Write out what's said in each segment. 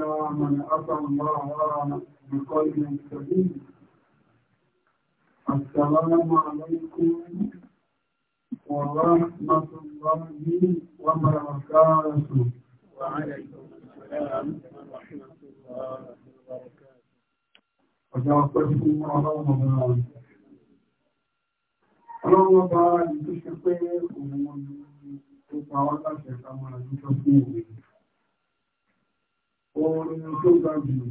من أطع الله بقلب سليم السلام عليكم ورحمة الله وبركاته وعليكم السلام ورحمة الله وبركاته أجابتكم على رمضان رمضان تشكر أنا أقول شكرا على orin tó ga jù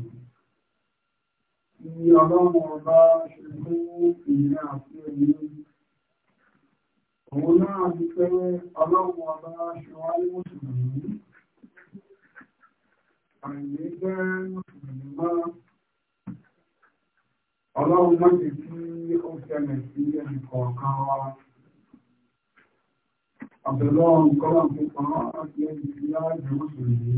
ní ọlọ́run ọba ṣe fún ìrìn àti ẹ̀yẹ òun náà ti pé ọlọ́run ọba sí ẹnì kọ̀ọ̀kan wa àbẹ̀lọ́run kọ́lá fún kan àti ẹnì kí á jẹ́ mùsùlùmí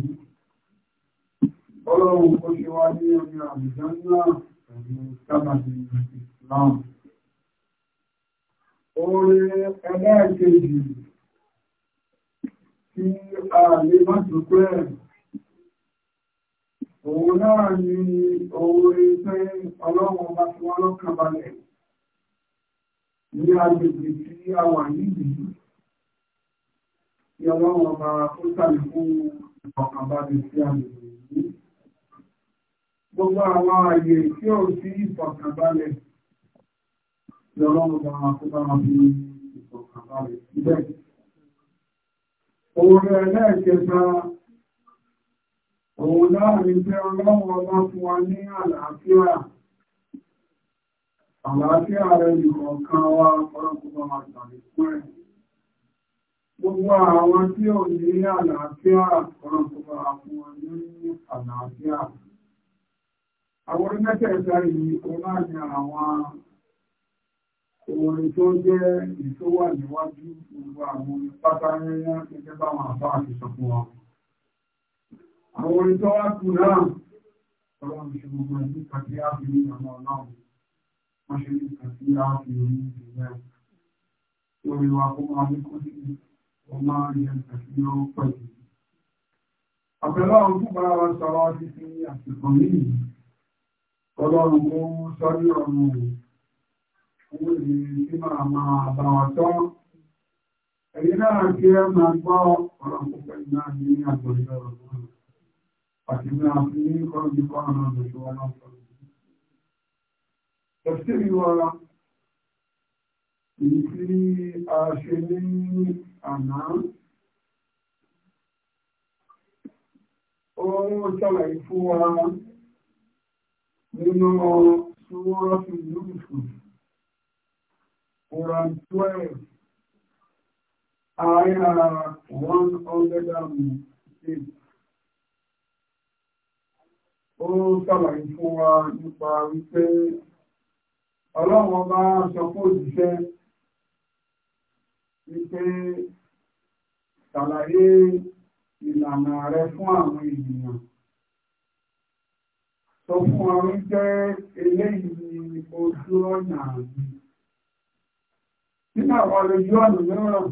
ọlọ́run kó ṣe wá ní orí àbùjá ńlá pẹ̀lú sábàbí Islam orí ẹlẹ́ẹ̀kejì tí a lè má dúpẹ́ òun náà ni orí pé ọlọ́run bá fi wọ́n lọ́kàn balẹ̀ ní agbègbè tí a wà nídìí tí ọlọ́run ọba ó sàlẹ̀ fún ọkàn balẹ̀ sí agbègbè yìí gbogbo àwọn ààyè tí ó sí ìfọ̀kànbalẹ̀ lọ́rọ̀lọ́gbà àkọ́bára bí ìfọ̀kànbalẹ̀ síbẹ̀. Òun rẹ̀ lẹ́ẹ̀kẹta, òun láàrin pé ọlọ́run ọba fún wa ní àlàáfíà. Àlàáfíà rẹ̀ nìkọ̀ọ̀kan wa ọlọ́kùnbá máa tàbí fún ẹ̀. Gbogbo àwọn tí ò ní àlàáfíà ọlọ́kùnbá fún wa ní àlàáfíà àwọn onímẹ́tẹ̀ẹ̀ta yìí o náà ni àwọn orin tó jẹ́ ìṣówà níwájú gbogbo àwọn pátá yẹnyẹn gẹ́gẹ́ bá wọn àbá àti sọ̀kún wọn àwọn orin tó wá kù náà ọlọ́run ṣe gbogbo ẹni kàtí àfi ní ọmọ ọlọ́run wọ́n ṣe ní kàtí àfi ní ìgbìmọ̀ lórí wa kó máa ní kó sí ọmọ ìyẹn kàtí ó pẹ̀lú ọ̀pẹ̀lọ́ àwọn tó bá wa sọ̀rọ̀ títí àsìkò yìí Ọlọ́run kó sọ́rí ọ̀run rẹ̀. Owó ìrìn tí máa máa bá wọn tọ́. Ẹ̀yìn náà kí ẹ máa gbọ́ ọ̀rọ̀ púpọ̀ náà ní àgbọ̀lẹ̀ ọ̀rọ̀ náà. Àti máa fi ní kọ́ọ̀dù kọ́ ọ̀rọ̀ lòṣù wọn náà sọ. Tẹ̀síri a ṣe ní àná, ó ṣàlàyé nínú ṣúwọ́rọ́ fi lúùfù Quran 12 àyà 108 ó sàlàyé fún wa nípa wípé ọlọ́wọ́n bá sọ fún òjíṣẹ́ wípé sàlàyé ìlànà rẹ fún àwọn ènìyàn tó fún ọ wípé eléyìí ni ojú ọ̀nà àbí. Nínú àwọn ojú ọ̀nà mìíràn,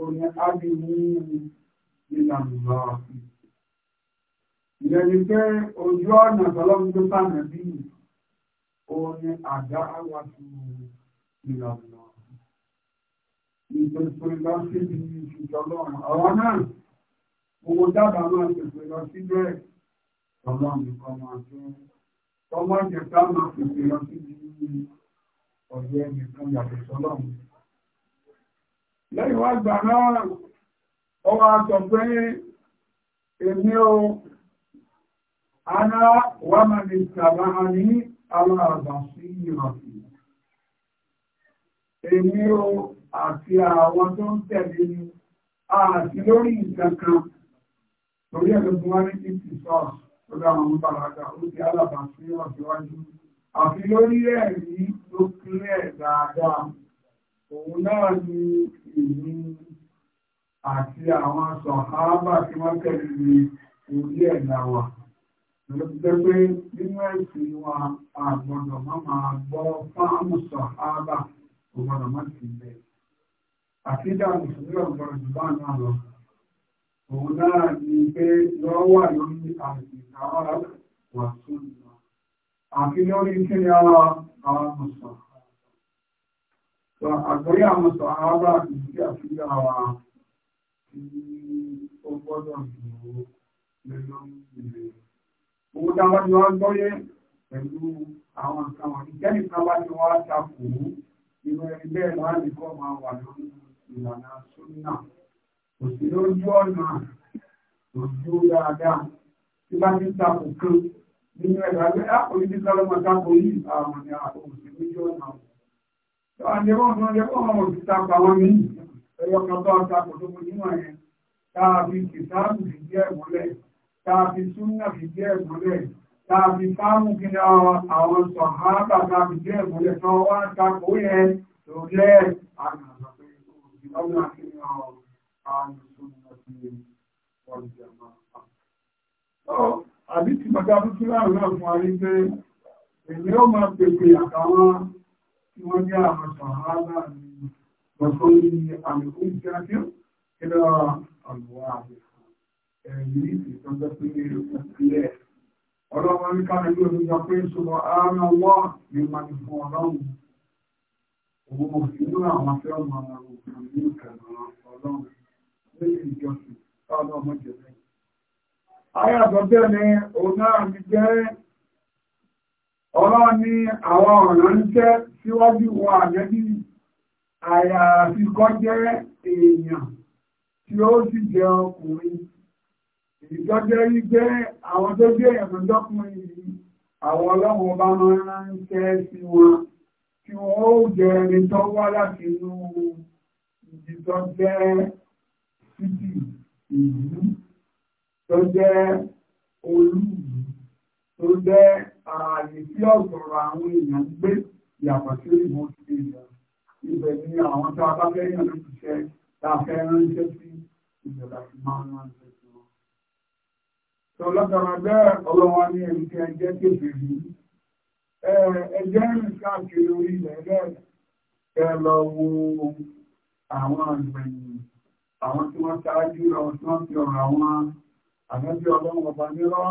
òní ábí ní ìlànà ọ̀fìn. Ìyẹn ni pé ojú ọ̀nà tọ́lọ́mú tó sànà bí òní àdá wà sí ìlànà ọ̀fìn. Ìpèsè lọ síbi ìṣùjọ́lọ́run. Ọ̀rọ̀ náà, owó dábàá máa pèsè lọ síbẹ̀. Ọlọ́run kan máa jẹ́ Tọ́lọ́ jẹ ká máa pèsè lọ sí ọ̀yẹ́ nìkan yàtọ̀ sọ́lọ́run. Lẹ́yìn wá gbà náà, ó wá sọ pé èmi o, ara wà máa lè tàbá ní àwọn àgbà sí ìrọ̀sì. Èmi o àti àwọn tó ń tẹ̀lé ni, àti lórí nǹkan kan, torí ẹ̀lọ́gbọ́n wá ní ìtìsọ́ọ̀sì lọ́dọ̀ àwọn olùbàràdà ó ti alàbà sí ọ̀síwájú àfi lórí ẹ̀rí tó kílẹ̀ dáadáa òun náà ni èmi àti àwọn sọ̀háábà tí wọ́n tẹ̀lé ní orí ẹ̀dá wa lọ́pẹ́ pé nínú ẹ̀sìn wa àgbọ̀dọ̀ má máa gbọ́ fáàmù sọ̀háábà ògbọ̀dọ̀ má ti bẹ̀ àti dáàbò sílẹ̀ ọ̀gbọ̀dọ̀ jù òun náà ni pé lọ wà lórí àìsìnkáwà wà súnmọ́ àfi lórí kí ni ara àwọn mùsùlùmí sọ àgbóyé àwọn sọ̀hábà ìdí àfihàn àwà tí ó gbọ́dọ̀ dúró lẹ́nu ìlú. Owó dáwà wọ́n gbọ́yé pẹ̀lú àwọn nǹkan wọ̀nyí. Jẹ́nì kan bá ti wá takò bẹ́ẹ̀ láti kọ́ máa wà lórí ìlànà súnà. Ah, ah, ah, kò sí lójú ọ̀nà òjú dáadáa tí bá ti takò kan nínú ẹ̀rọ abẹ́ àpòlítí sálọ́mọ takò yìí àwọn ni àwọn òsì lójú ọ̀nà ọ̀hún. àti ẹ̀rọ ọ̀nà ọ̀dẹ́ kọ́ àwọn òsì takò àwọn míì ẹ̀yọ kan tó takò tó kọ níwọ̀n yẹn táàbí kìtáàbù fi jẹ́ ìmọ́lẹ̀ táàbí súnà fi jẹ́ ìmọ́lẹ̀ táàbí fáàmù kí ni àwọn sọ̀hábà àmì sunnati wal jama'a. àbí tí bàbá búkú láàrin náà fún ayé pé èmi ó máa pèpè àtàwọn tí wọ́n jẹ́ àwọn sàhálà ní lọ́sọ́ ní àmì oúnjẹ àti kílọ̀ àlùwà àbẹ̀fọ́ ẹ̀mí ìtọ́jọ́ pé ìpínlẹ̀ ọlọ́wọ́ ní káàkiri ní olùjọ pé ṣùgbọ́ ààrùn ọwọ́ ní mani lórí ìjọsìn káwọn ọmọ ni òun náà ti jẹ́ ní àwọn ọ̀nà ń jẹ́ síwájú wọn àjẹ́bí èèyàn tí ó sì jẹ́ ọkùnrin. Ìjọjẹ́ yí jẹ́ àwọn tó jẹ́ èèyàn yìí, àwọn bá tí ó jẹ́ ẹni títí ìlú tó jẹ́ olú ìlú tó jẹ́ ààyè tí ọ̀gọ̀rọ̀ àwọn èèyàn ń gbé ìyàtọ̀ sí ìmọ̀ sí èèyàn ibẹ̀ ni àwọn tó abáfẹ́ èèyàn ló ti ṣe tá a fẹ́ ránṣẹ́ sí ìjọba ti máa ń ránṣẹ́ sí wọn. tó lọ́kàrà bẹ́ẹ̀ ọlọ́wọ́ ní ẹni tí ẹ jẹ́ kékeré ẹjẹ́ rìn káàkiri orí ilẹ̀ rẹ̀ ẹ lọ wo àwọn àgbẹ̀yìn àwọn tí wọ́n ṣáájú àwọn tí wọ́n fi ọ̀rọ̀ àwọn àgbẹ́bí ọlọ́run ọba nírọ́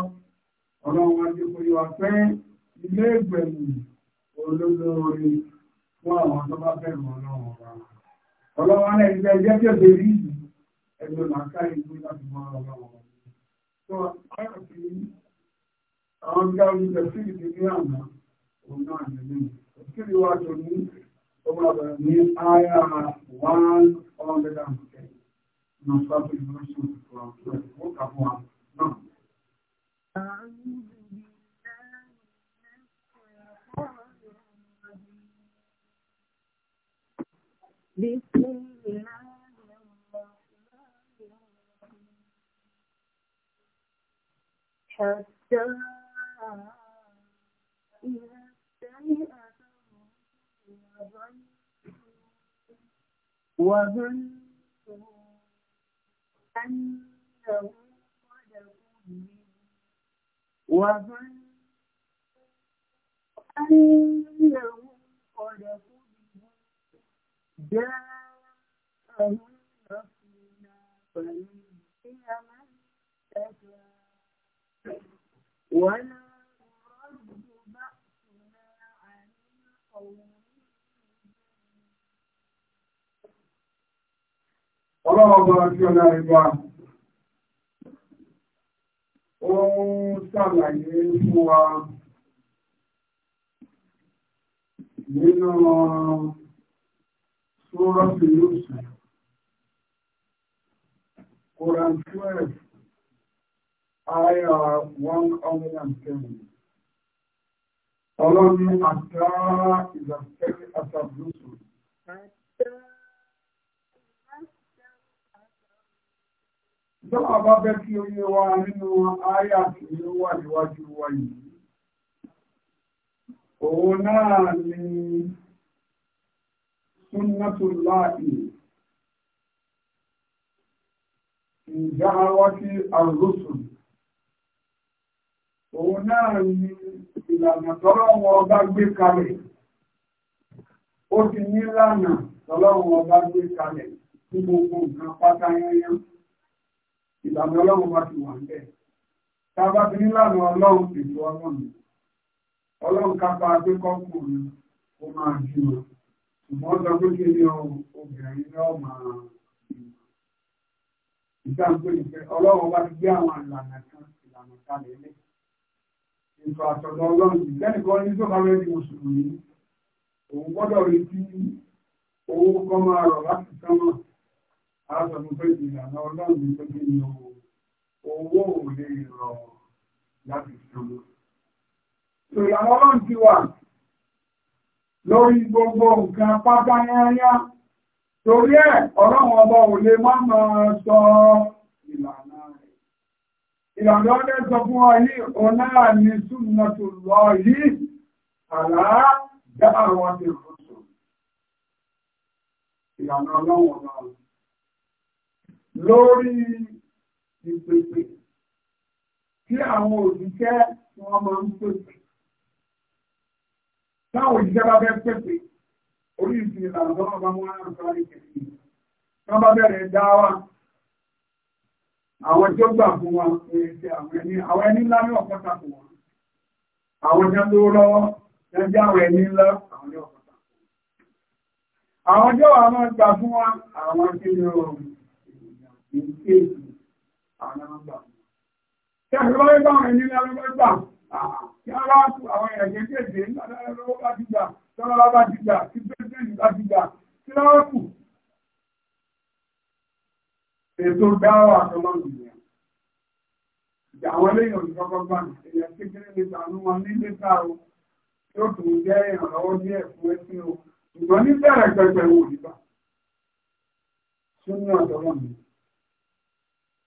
ọlọ́run adékòyí wa pé ilé ìgbẹ̀yìn olólórí fún àwọn tó bá bẹ̀rù ọlọ́run ọba ọlọ́run alẹ́ ilé ẹjẹ́ kéde rí ẹgbẹ́ làákà ìlú láti mọ ọlọ́run ọba tó àti àwọn gáàrí ilẹ̀ sí ìdí ní àná òun náà nìyí òkìrì wa tó ní ọmọ ọ̀rọ̀ ní àyà one hundred and não sabe que nós somos prontos. Volta a voar. Não. أنهم صدقوني وظنوا أنهم قد كذبوا جاءهم رسولنا فنجي من تشاء ولا Ọlọ́run bá tí ọlá ẹgbà ó ń ṣàlàyé fún wa nínú Súrọ́sì Yúsù, Quran 12, Aya 107. Ọlọ́run àtà ìdàkẹ́ àtàbùsù. Àtà Ìjọba bá bẹ́ kí oye wa nínú ayà tí ó wà níwájú wa yìí. Òun náà ni Sunnatullahi. Ìjà wá sí Arúsùn. Òun náà ni ìlànà tọ́lọ́wọ́ ọba gbé kalẹ̀. Ó ti ní lánàá tọ́lọ́wọ́ ọba gbé kalẹ̀ ní gbogbo nǹkan pátá yányán. ìlànà ọlọ́run wá ti wà ń bẹ̀. Tá a ọlọ́run ètò ọlọ́run, ọlọ́run kápá pé kọ́kùnrin ó máa jùlọ. Ṣùgbọ́n sọ pé kí ni obìnrin náà máa ìdáǹgbé ìfẹ́ ọlọ́run wá ti gbé àwọn ìlànà kan ìlànà kalẹ̀ lé. àtọ̀dọ̀ ọlọ́run ní rẹ̀ mùsùlùmí. Òun gbọ́dọ̀ retí owó àwọn ọmọ pé ìlànà ọlọ́run tó kí ni owó ò lè rọ̀ láti ṣòro. ìlànà ọlọ́run ti wà lórí gbogbo nǹkan pátá yányá torí ẹ̀ ọlọ́run ọba ò lè má máa sọ ìlànà rẹ̀. ìlànà ọdẹ sọ fún ọ yìí ọ̀nà àmì súnmọ́ tó lọ yìí àlàá dá àwọn ti rọ̀ sọ. ìlànà ọlọ́run ọba lórí ìpèpè tí àwọn òṣìṣẹ́ wọn máa ń pèpè táwọn òṣìṣẹ́ bá fẹ́ pèpè orí ìsìn ìlànà tó wọn bá wọn á sọ ìkẹ̀kẹ̀ wọn bá bẹ̀rẹ̀ dá wa àwọn tí ó gbà fún wa ẹ̀ẹ́sẹ̀ àwọn ẹni àwọn ẹni ńlá ní ọ̀pọ̀ta fún wa àwọn tí ó tó lọ́wọ́ ẹjẹ́ àwọn ẹni ńlá àwọn ní ọ̀pọ̀ta àwọn tí ó wà máa gbà fún wa àwọn tí ó rọrùn èyí tí èsì àwọn ọgbà. Tí àgbà bá wọn ní alágbàgbà, kí ara tu àwọn ẹ̀jẹ̀ kéde lọ́wọ́ bá ti gbà, lọ́wọ́ bá ti gbà, tí pẹ́sẹ̀ntì bá ti gbà, kí lọ́wọ́ kù. Ètò dáwọ́ àtọ́lọ́rùn yẹn àwọn eléyìn olùkọ́kọ́gbà èèyàn kékeré lè tàánú wọn ní lẹ́ta o yóò tún jẹ́ ìrànlọ́wọ́ díẹ̀ fún ẹsìn o ṣùgbọ́n ní bẹ̀rẹ̀ pẹpẹ wò nígbà tí ní ọ̀dọ́mọ̀ mi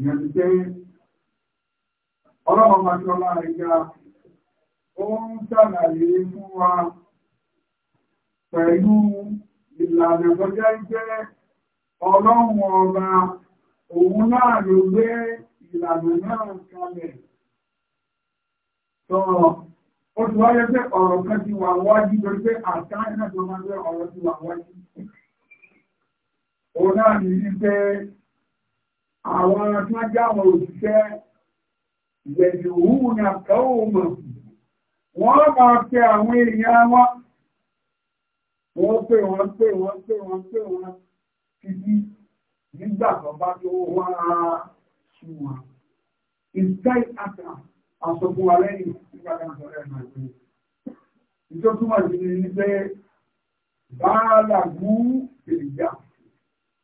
ìyẹn ti pé ọlọ́run máa tọ́lá ẹ̀yà ó ń ṣàlàyé fún wa pẹ̀lú ìlànà tó jẹ́ jẹ́ ọlọ́run ọba òun náà ló gbé ìlànà náà kalẹ̀ tọ́ ó ti wáyé pé ọ̀rọ̀ kan ti wà wájú torí pé àtàkùn náà tó máa jẹ́ ọ̀rọ̀ ti wà wájú òun náà ní pé àwọn tí wọ́n já àwọn òṣìṣẹ́ yẹ̀dùhùn àkọ́ọ̀mọ̀ wọ́n máa pè àwọn èèyàn wọn wọ́n pè wọ́n pè wọ́n pè wọ́n pè wọ́n títí nígbà tó bá tó wá sùn wọn ìtàí àtà àsọ̀kún wa lẹ́yìn nígbà tó ń sọ sí ní pé bá a làgún èrìjà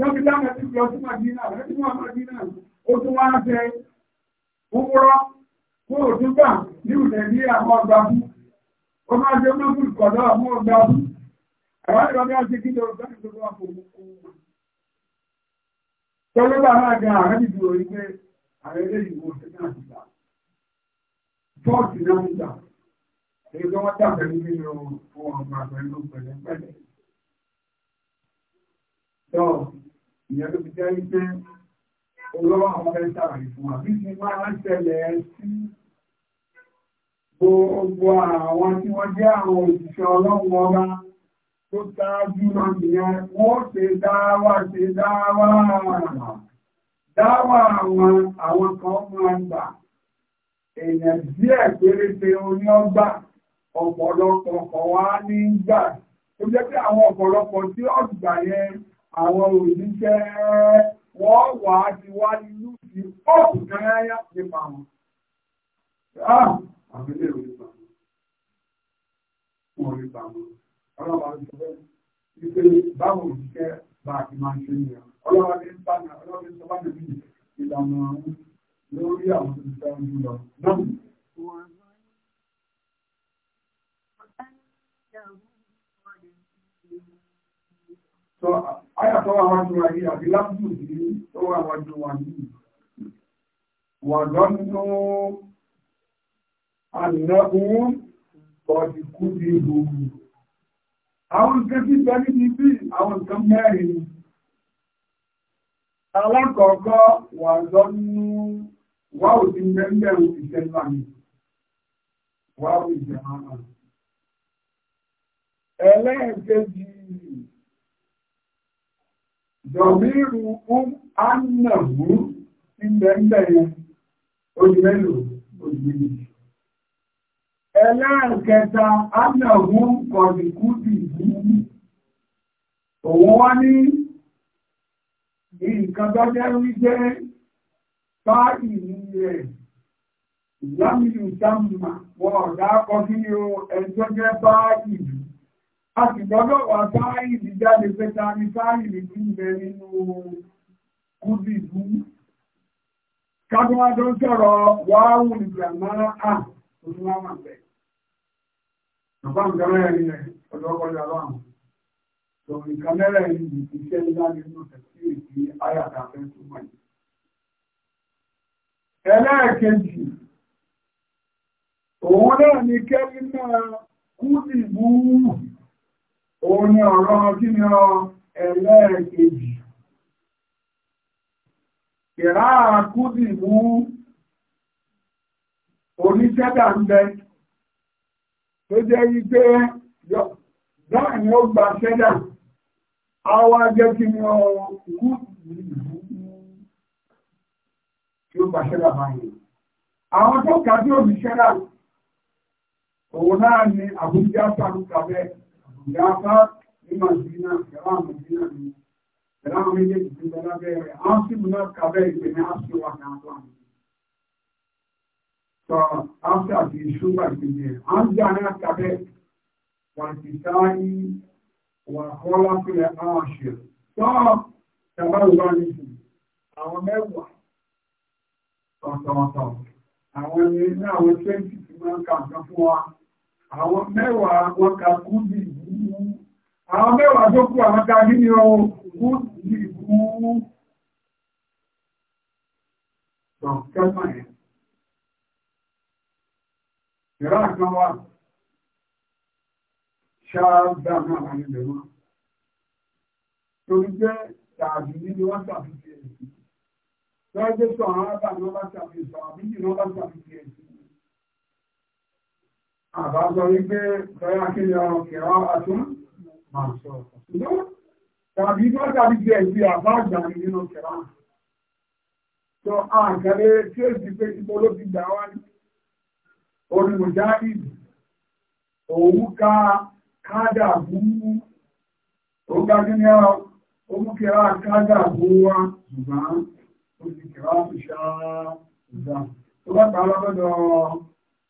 Tọ́bí dáwọn tí lọ sí Màdínà, ẹni wọ́n Màdínà, ó tún wá ń fẹ́ púpúrọ́ kó ò tún gbà ní ìrùlẹ̀ ní àwọn ọgbà fún. Ó máa jẹ́ mọ́kù ìkọ̀dọ̀ àwọn ọgbà fún. Àwọn ìrọ̀lẹ́ ọjọ́ ti kí lọ sí ìjọba àpòmù. Tọ́lé bá máa ga ààrẹ ìdúró yìí pé ààrẹ ilé ìwò ṣe náà ti gbà. Tọ́ọ̀tì náà ń gbà. Èyí tó wọ́n dàbẹ̀ nínú ohun ọgbà pẹ̀lú pẹ̀lẹ́pẹ̀lẹ́. Tọ́ọ̀tì ìyẹn ló fi jẹ́ wípé olówó àwọn ọmọ ẹ̀ta rẹ̀ fún àbí ti máa ń ṣẹlẹ̀ sí gbogbo àwọn tí wọ́n jẹ́ àwọn òṣìṣẹ́ ọlọ́run ọba tó dájú lọ nìyẹn wọ́n ṣe dáwà ṣe dáwà dáwà àwọn àwọn kan máa ń gbà èèyàn díẹ̀ péréte oní ọgbà ọ̀pọ̀lọpọ̀ kan wá ní gbà tó jẹ́ pé àwọn ọ̀pọ̀lọpọ̀ tí ọ̀gbà yẹn àwọn òṣìṣẹ́ wọ́n wà á ti wá inú ti ọ̀pù káyáyá nípa wọn. Ah, àwọn ilé ìwé pa wọn rí pa wọn. Ọlọ́pàá ti sọ bẹ́ẹ̀ ni pé báwo òṣìṣẹ́ bá a ti máa ń ṣe ní ẹ̀. Ọlọ́pàá ti ń bá ní ọlọ́pàá ti sọ bá mi bíi ìlànà àwọn lórí àwọn òṣìṣẹ́ ń jù lọ. So, uh, Àyàtọ̀ àwọn àjò ayé àbí lábùú ní tó wà wájú wa yìí. Wà lọ́nà ànáhùn bọ̀dì kú di gbogbo. Àwọn nǹkan tí bẹ níbi bí àwọn nǹkan mẹ́rin. Alákọ̀ọ́kọ́ wà lọ́nà wà ò ti mẹ́mẹ́ òṣìṣẹ́ láàrin. Wà ò ìjẹ̀ máa. Ẹlẹ́ẹ̀kejì dọ̀míru um annahu ìgbẹ̀ǹgbẹ̀ yẹn olùmẹ́lò olùmẹ́lò ẹlẹ́ẹ̀kẹta annahu kọ̀dìkúdì yìí òun wá ní nǹkan tó jẹ́ wípé bá ìlú rẹ̀ lámìlú sáàmà wọn ọ̀dá kọ́ kí ni ó ẹjọ́ jẹ́ bá ìlú a sì gbọ́dọ̀ wà sáàìlì jáde pé ta ni sáàìlì tí ń bẹ nínú kúdìdú kágbọ́nwájọ́ ń sọ̀rọ̀ wáhùn ìgbàmára à òun wá mà bẹ̀. bàbá mi kàn mẹ́rin rẹ̀ ọ̀dọ́ ọkọ̀jọ́ aláwọ̀ tó nǹkan mẹ́rẹ̀ yìí iṣẹ́ ńlá nínú tẹ̀sí ìdí ayàtà fẹ́ túmọ̀ yìí. ẹlẹ́ẹ̀kejì òun náà ni kẹ́rin náà kúdìdú òun ni ọ̀rọ̀ kí ni ọ ẹlẹ́ẹ̀kejì ìrá kúdì mú oníṣẹ́dà ń bẹ tó jẹ́ wípé dáà ni ó gba ṣẹ́dà àwọn ajẹ́ kí ni ọ kúdì mú tí ó gba ṣẹ́dà báyìí àwọn tó kà tí ó fi ṣẹ́dà òun náà ni àbújá sàrúkà bẹ́ẹ̀ ìyáfá ní màdínà ìyáwó àmàdínà ni ìyáwó àwọn méjèèjì tó lọ lábẹ́ rẹ̀ àwọn sì mú náà kábẹ́ ìpè ní áṣì wà ní àpá mi. sọ áṣì àti ìṣúgbà ìpèjì rẹ̀ àwọn jẹ́ àná kábẹ́ wà ti sáyé wà kọ́lá fúnlẹ̀ àwọn àṣẹ. sọ tàbáwò bá ní sùn àwọn mẹ́wàá ọ̀tọ̀ọ̀tọ̀ àwọn ní àwọn twenty ti máa ń ka nǹkan fún wa àwọn mẹ́wàá wọn ka kúndì yìí àwọn mẹ́wàá tó kú àwọn tàbí ní ọwọ́ kú sí ìkú ọ̀kẹ́mọ̀ ẹ̀ ìrá kan wà ṣáàbà náà wà nílẹ̀ wọn torí jẹ́ tàbí nínú wọ́n tàbí ti ẹ̀sì lọ́jọ́ sọ àwọn àbà ní wọ́n bá tàbí sọ àbí ní wọ́n bá tàbí ti ẹ̀sì àbá sọ wípé lọ́yà Tàbí tó tàbí jẹ́ ìwé àbá àgbà nínú kẹrà. Sọ àkàrẹ tí ó ti pé ìbò ló fi gbà wá ní orímọ̀já ìlú. Òun ká kádà bú ó ká kí ní ọmú kẹrà kádà bú wá ṣùgbọ́n ó ti kẹrà fi ṣá ìgbà. Tó bá ta lọ́dọ̀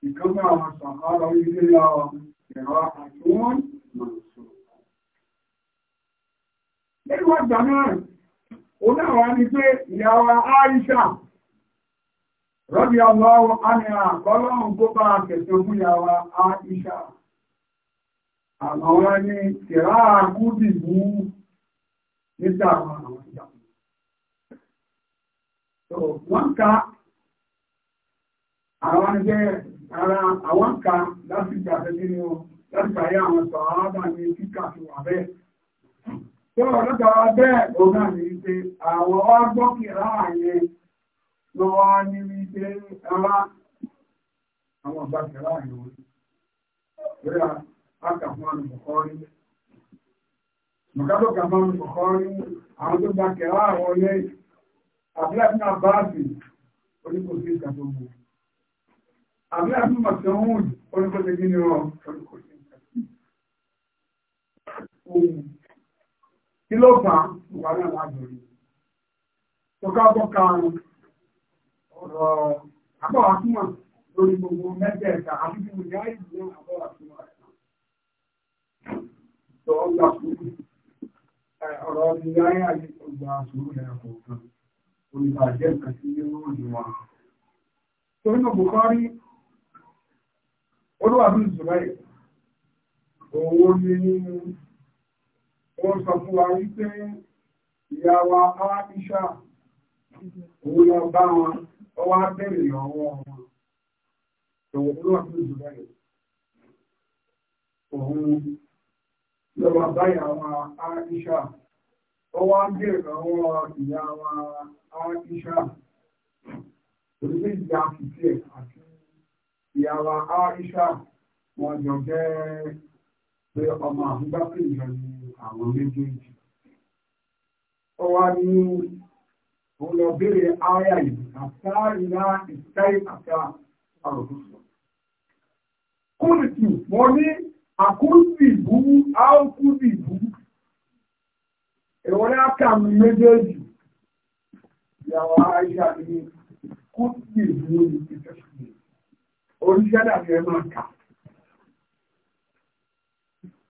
ìkánná àwọn sàkárọ̀ Nínú ọgbà náà, ó náà wá ní pé ìyàwó Aisha, rọ́bí ọlọ́wọ́ àmìrà kọlọ́run kó bá kẹsàn fún ìyàwó Aisha. Àwọn ni kìrá kúdì mú nígbà àwọn àwọn ìyàwó. Wọ́n ká àwọn jẹ́ ara àwọn ká lásìkò àfẹ́kí ni ó Tí wọ́n lọ́jọ́ bẹ́ẹ̀ ló náà ní wípé àwọn ọgbọ́kìrá yẹn ló wá ní wípé ẹlá àwọn ọgbàkìrá yẹn wọ́n. Bẹ́ẹ̀ àkà fún àwọn ọkọ̀ọ́rí. Mọ̀kátọ́kà máa ń kọ̀ọ́rí àwọn tó gbàkìrá àwọn ilé àbílẹ̀ báàbì oníkòsí ìkàtọ́gbò. Àbílẹ̀ fún Màtí kí ló fà wà náà lágbèrè tó káàbọ̀ ka ọ̀rọ̀ àbọ̀wá túmọ̀ lórí gbogbo mẹ́tẹ̀ẹ̀ta àti bí mo yá ìlú náà àbọ̀wá túmọ̀ rẹ̀ náà tó ọgbà fún ọ̀rọ̀ ni yáyà àti ọgbà sùúrù rẹ̀ kọ̀ọ̀kan olùbàjẹ́ nǹkan sí nínú ìwà torí náà Bukhari olúwàbí ìṣúra ẹ̀ òun ni wọ́n sọ fún wa wípé ìyàwó aláàbíṣà òun lọ bá wọn ó wá bẹ̀rẹ̀ lọ́wọ́ wọn òun náà tó jù bẹ́ẹ̀ òun lọ́wọ́ báyàwó aláàbíṣà ó wá bẹ̀rẹ̀ lọ́wọ́ ìyàwó aláàbíṣà orílẹ̀ ìjà àti ìyàwó aláàbíṣà wọn jọ jẹ́ pé ọmọ àbúgbàpè yọ ní àwọn méjèèjì ó wá ní òun lọ béèrè ààyà yìí àtà ìlà ìsáì àtà àròkùsọ kúrìtì mo ní àkúrìtì ìbúwú àókúrìtì ìbúwú ìwọlé àkàmì méjèèjì ìyàwó àìsà ní kúrìtì ìbúwú ní ìfẹsùn oríṣẹ́ dàbí ẹ máa kà á.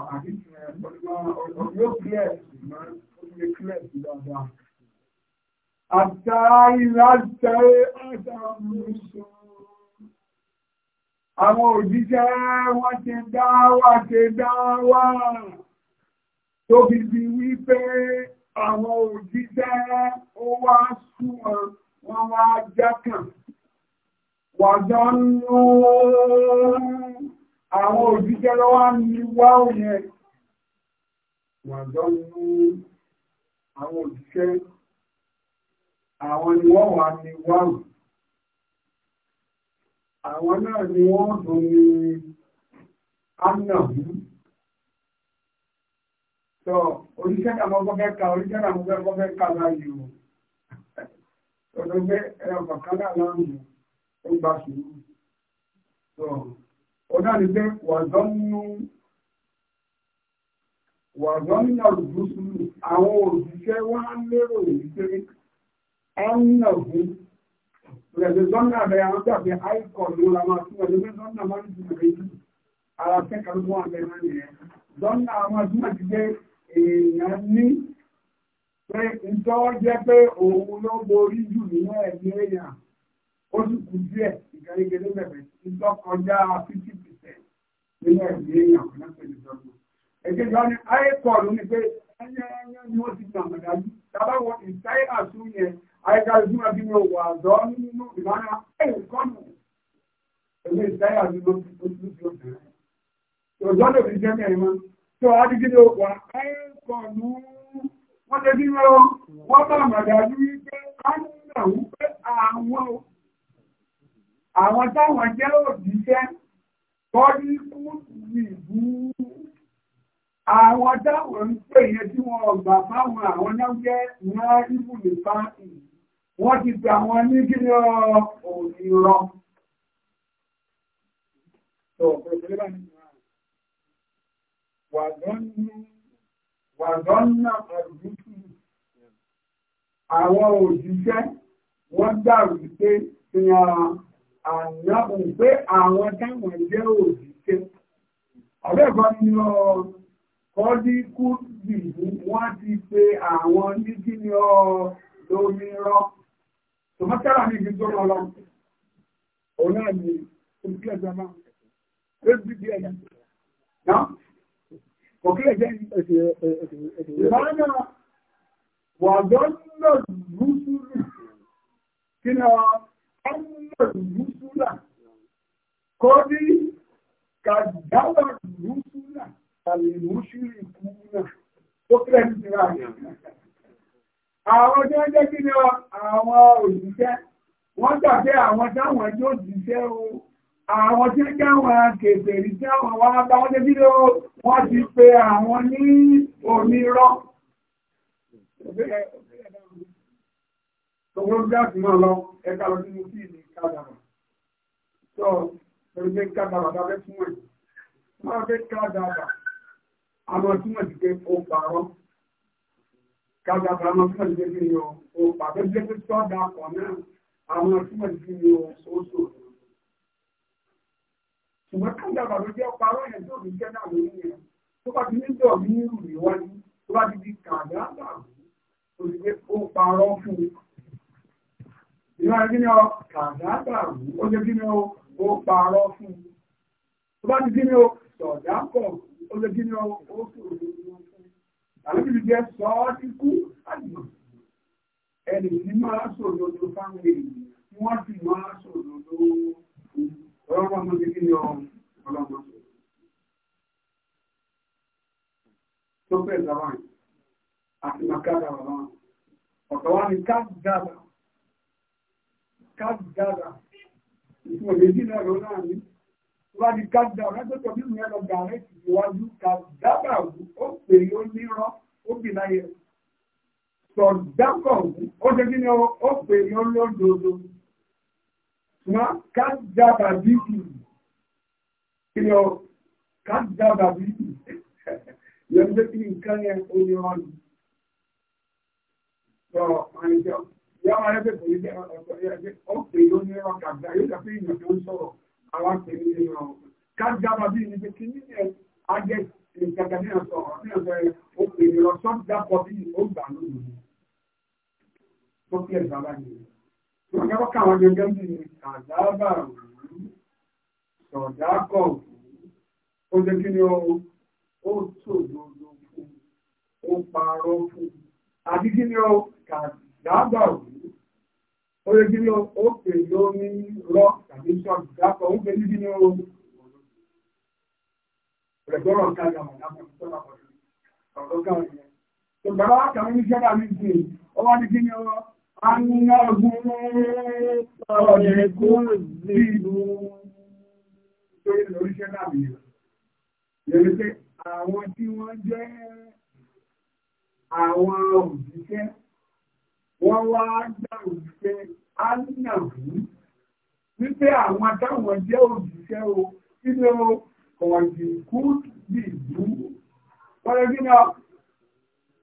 àti yóò clear ṣùgbọ́n ó ti lè clear sí dáadáa. Àtàrí látàrí àtàmúṣọ. Àwọn òjíṣẹ́ wọ́n ti dáwà ti dáwà tó fi bí wípé àwọn òjíṣẹ́ ó wá súnmọ́ wọ́n wá jákàn. Wàdánù àwọn òjíṣẹ́ lọ́wọ́ ní wá òyẹ wàjọ́ ní àwọn òjíṣẹ́ àwọn ni wọ́n wà ní wá òyẹ àwọn náà ni wọ́n tún ní ánàbú tọ́ oríṣẹ́ àwọn ọgbọ́gbẹ́ ka oríṣẹ́ àwọn ọgbọ́gbẹ́ ka láyé o ọdọ́gbẹ́ ẹ̀rọ kọ̀ọ̀kan náà lọ́rùn ó gbà sùúrù tọ́ ọ̀dá ni pé wàzọ́nà rùsùlù àwọn òṣìṣẹ́ wá lérò wípé ọ́nà fún rẹ̀lẹ̀ zọ́nà rẹ̀ àwọn tàbí àìkọ̀ ló la máa tún ẹ̀lẹ́gbẹ́ zọ́nà máa ń jù rẹ̀ jù ara kẹ́kọ̀ọ́ mọ́ àgbẹ̀ náà nìyẹn zọ́nà àwọn àdúrà ti jẹ́ èèyàn ní pé ìtọ́ jẹ́ ó sì kú díẹ̀ ìgẹ̀rẹ́gẹ̀rẹ́ bẹ̀rẹ̀ ìtọ́ kọjá fifty percent nínú ẹ̀mí èèyàn kan náà pẹ̀lú ìjọba. Èkejì wọn ni àìkọ̀ọ̀lù ni pé ẹyẹyẹ ni wọ́n ti gbàgbọ́ dájú. Tàbá wọ ìtàyè àṣù yẹn, àìkàlù fún ẹbí wọn wà àzọ́ nínú ìlànà ẹ̀kọ́nù. Èmi ìtàyè àṣù ló ti tó ti tó bẹ̀rẹ̀. Òjọ́ lè fi jẹ́ mẹ́rin mọ́. Tó a ti gidi wà àìkọ̀ọ̀lù. Wọ́n ti bí wọ́n bá màdájú wípé á ń àwọn àwọn táwọn jẹ́ òjíṣẹ́ tọ́jú kú nìbú àwọn táwọn ń pè yẹn tí wọ́n gbà fáwọn àwọn náà jẹ́ náà ibùdó fáǹtì wọ́n ti pè àwọn ní kí ni òní rọ. Wàdọ́nà àdúgbò àwọn òjíṣẹ́ wọ́n gbà wípé fi hàn àyàbò pé àwọn táwọn jẹ́ òṣìṣẹ́ ọ̀rẹ́ kan ní ọ kọ́dí kúrì wọ́n ti pe àwọn ní kí ni ọ lómi rọ tòmọ́tàrà ní ibi tó lọ òun náà ní ojú ẹ̀jẹ̀ máa ló ti di ẹ̀jẹ̀ náà kò kí ẹ̀jẹ̀ ìbáná wàdọ́nà rúṣùlù kí ni ọ ọmọ rúsúlà kó ní kàdáwà rúsúlà àlèrúṣìrì kú náà tó kẹ́ ní ìrìn àwọn tó ń jẹ́ kí ni àwọn òṣìṣẹ́ wọ́n tàbí àwọn táwọn yóò jíṣẹ́ o àwọn tí jáwọn kèfèrí jáwọn wá bá wọ́n débí ló wọ́n ti pe àwọn ní onírọ́ tọwọ́ gáàsì máa lọ ẹ̀ka lọ nínú sí ìlú kádàrà tó ẹ̀rù pé kádàrà dábẹ́ fún ẹ̀ máa fẹ́ kádàrà a máa túmọ̀ sí pé ó parọ́ kádàrà a máa túmọ̀ sí pé kí ni o ó pàtó jẹ́ pé sọ́dà pọ̀ náà a máa túmọ̀ sí kí o ó sòrò ṣùgbọ́n kádàrà ló jẹ́ parọ́ yẹn tó fi jẹ́ náà lórí yẹn tó bá ti ní dọ̀ ní ìrù ìwọ̀n gíní ọ kàdábà wù ó jẹ́ gíní ọ ó parọ́ fún un tó bá ti gíní ọ sọ̀dápọ̀ ó jẹ́ gíní ọ ó sọ̀rọ̀ fún un àlejò jẹ́ sọ ọ́ ti kú àjùmọ̀ ẹni ní máa sọ̀rọ̀ lọ́dọ̀ fáwọn èèyàn wọ́n sì máa sọ̀rọ̀ lọ́dọ̀ ọlọ́wọ́ ọmọ àti màkàdà bàbá ọ̀tọ̀ wa ni ká kádìdára ìtumọ̀ méjì náà lọ náà ní wá ní kádìdára lọ́jọ́tọ̀ nínú ẹ̀ lọ gàrẹ́ ti wájú kádìdára wù ó pè é ó nírọ́ ó bì láyé sọ̀dákọ̀ wù ó ṣe kí ni ó pè é ó lódodo ṣùgbọ́n kádìdára bíbí kí ni ó kádìdára bíbí yẹn ń gbé kí nǹkan yẹn ó nírọ́ ni. Sọ àìjọ yóò máa rẹ́pẹ̀ pé ilé ọ̀sọ̀ yẹ ó pè é lóní ẹran kàgbà yóò dàbí ìyàn tó ń sọ̀rọ̀ àwọn àpè ní ìran kájà bàbí ní pé kí ní ẹ ajẹ́ ìjàgbá ní ọ̀sọ̀ ọ̀rọ̀ ní ọ̀sọ̀ yẹ ó pè é lọ sọ́dà pọ̀ bí ó gbà lónìí tó kí ẹ̀ bàbá yìí. Ìgbàgbọ́ káwọn gẹ́gẹ́ orégi ló ó pè ló ní rọ tàbí ṣọ́ọ̀bù dápọ̀ ó pè ní bí ní o rẹ̀gbọ́rọ̀ kájà wọn dápọ̀ tó bá pọ̀ ọ̀rọ̀ káwọn yẹn tó gbàgbọ́ wá kàwọn oníṣẹ́ bá mi gbé ọ wá ní kí ni ọ àwọn tí wọ́n jẹ́ àwọn òṣìṣẹ́ wọ́n wá gbà wípé a nàwó wípé àwọn táwọn jẹ́ òṣìṣẹ́ o nínú ọ̀dì kú bí ìlú wọ́n lè gbìnà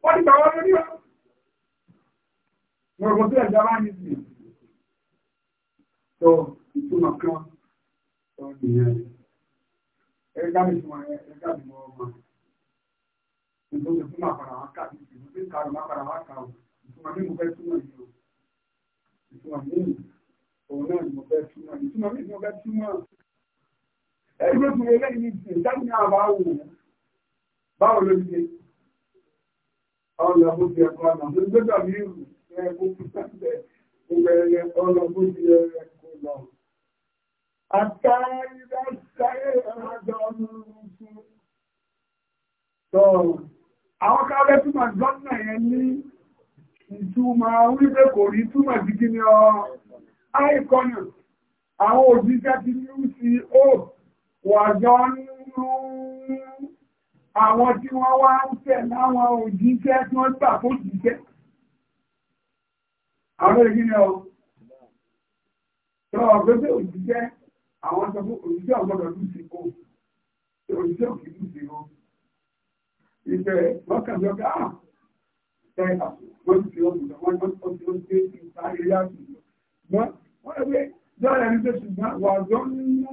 wọ́n ti gbà wọ́n lórí ọ́ wọ́n rọ̀ tó ẹ̀dá bá ní sí so ìtumọ̀ kan sọ nìyẹn ẹ̀ka mi sùn ẹ̀ka mi mọ̀ ọmọ ìtumọ̀ fún àpàràwákà ìtumọ̀ fún àpàràwákà ìtumọ̀ ìtumọ̀ ní mo fẹ́ túmọ̀ ẹgbẹ́ tó lé lẹ́yìn ìsìn jáde náà bá wù ú ṣe ọ̀nà bó ti ẹ̀kọ́ ọ̀nà tó gbẹ́gbà mí rù ẹ̀ kó sáńtẹ̀ gbogbo ẹ̀yẹ bó ti ẹ̀yẹ lọ. Àtàrí ìtumọ̀ wípé kò rí túmọ̀ sí kí ọ àìkọnà àwọn òjíṣẹ́ ti ní uco wà jọ nínú àwọn tí wọ́n wá ń tẹ̀ láwọn òjíṣẹ́ tí wọ́n gbà fún òjíṣẹ́ àwọn èyí tẹ́ẹ̀kà wọ́n ti fi ọ̀gbìn wọ́n ti ó gbé ìta eré àtúntò wọ́n wọ́n lè gbé jọ́ọ̀rẹ́ ní pé ṣùgbọ́n wà jọ ń mú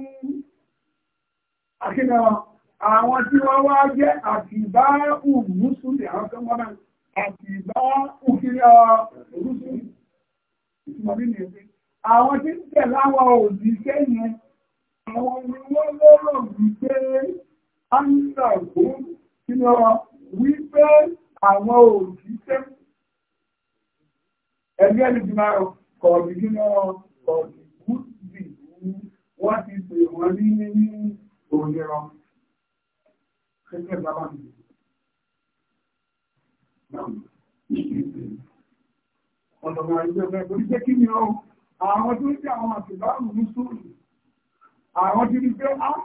akínà àwọn tí wọ́n wá jẹ́ àtìbá òmùsùlì àwọn kan wọ́n náà àtìbá òkìrí òmùsùlì ìtumọ̀ nínú ẹgbẹ́ àwọn tí ń tẹ̀ láwọn òjíṣẹ́ yẹn àwọn olówó lọ́rọ̀ wípé áńdà gbó kí lọ wípé àwọn òjíṣẹ́ ẹgbẹ́ ìgbìmọ̀ kọ̀ọ̀dì nínú kọ̀ọ̀dì gúúsì wọ́n ti pè wọ́n ní ní òmìnira gẹ́gẹ́ bàbá mi. Ọ̀dọ̀mọ̀ ìgbẹ̀gbẹ̀ tó jẹ́ kí ni ó àwọn tó ń jẹ́ àwọn àtìbáàrùn ní sóòlù àwọn tí ní pé á ah,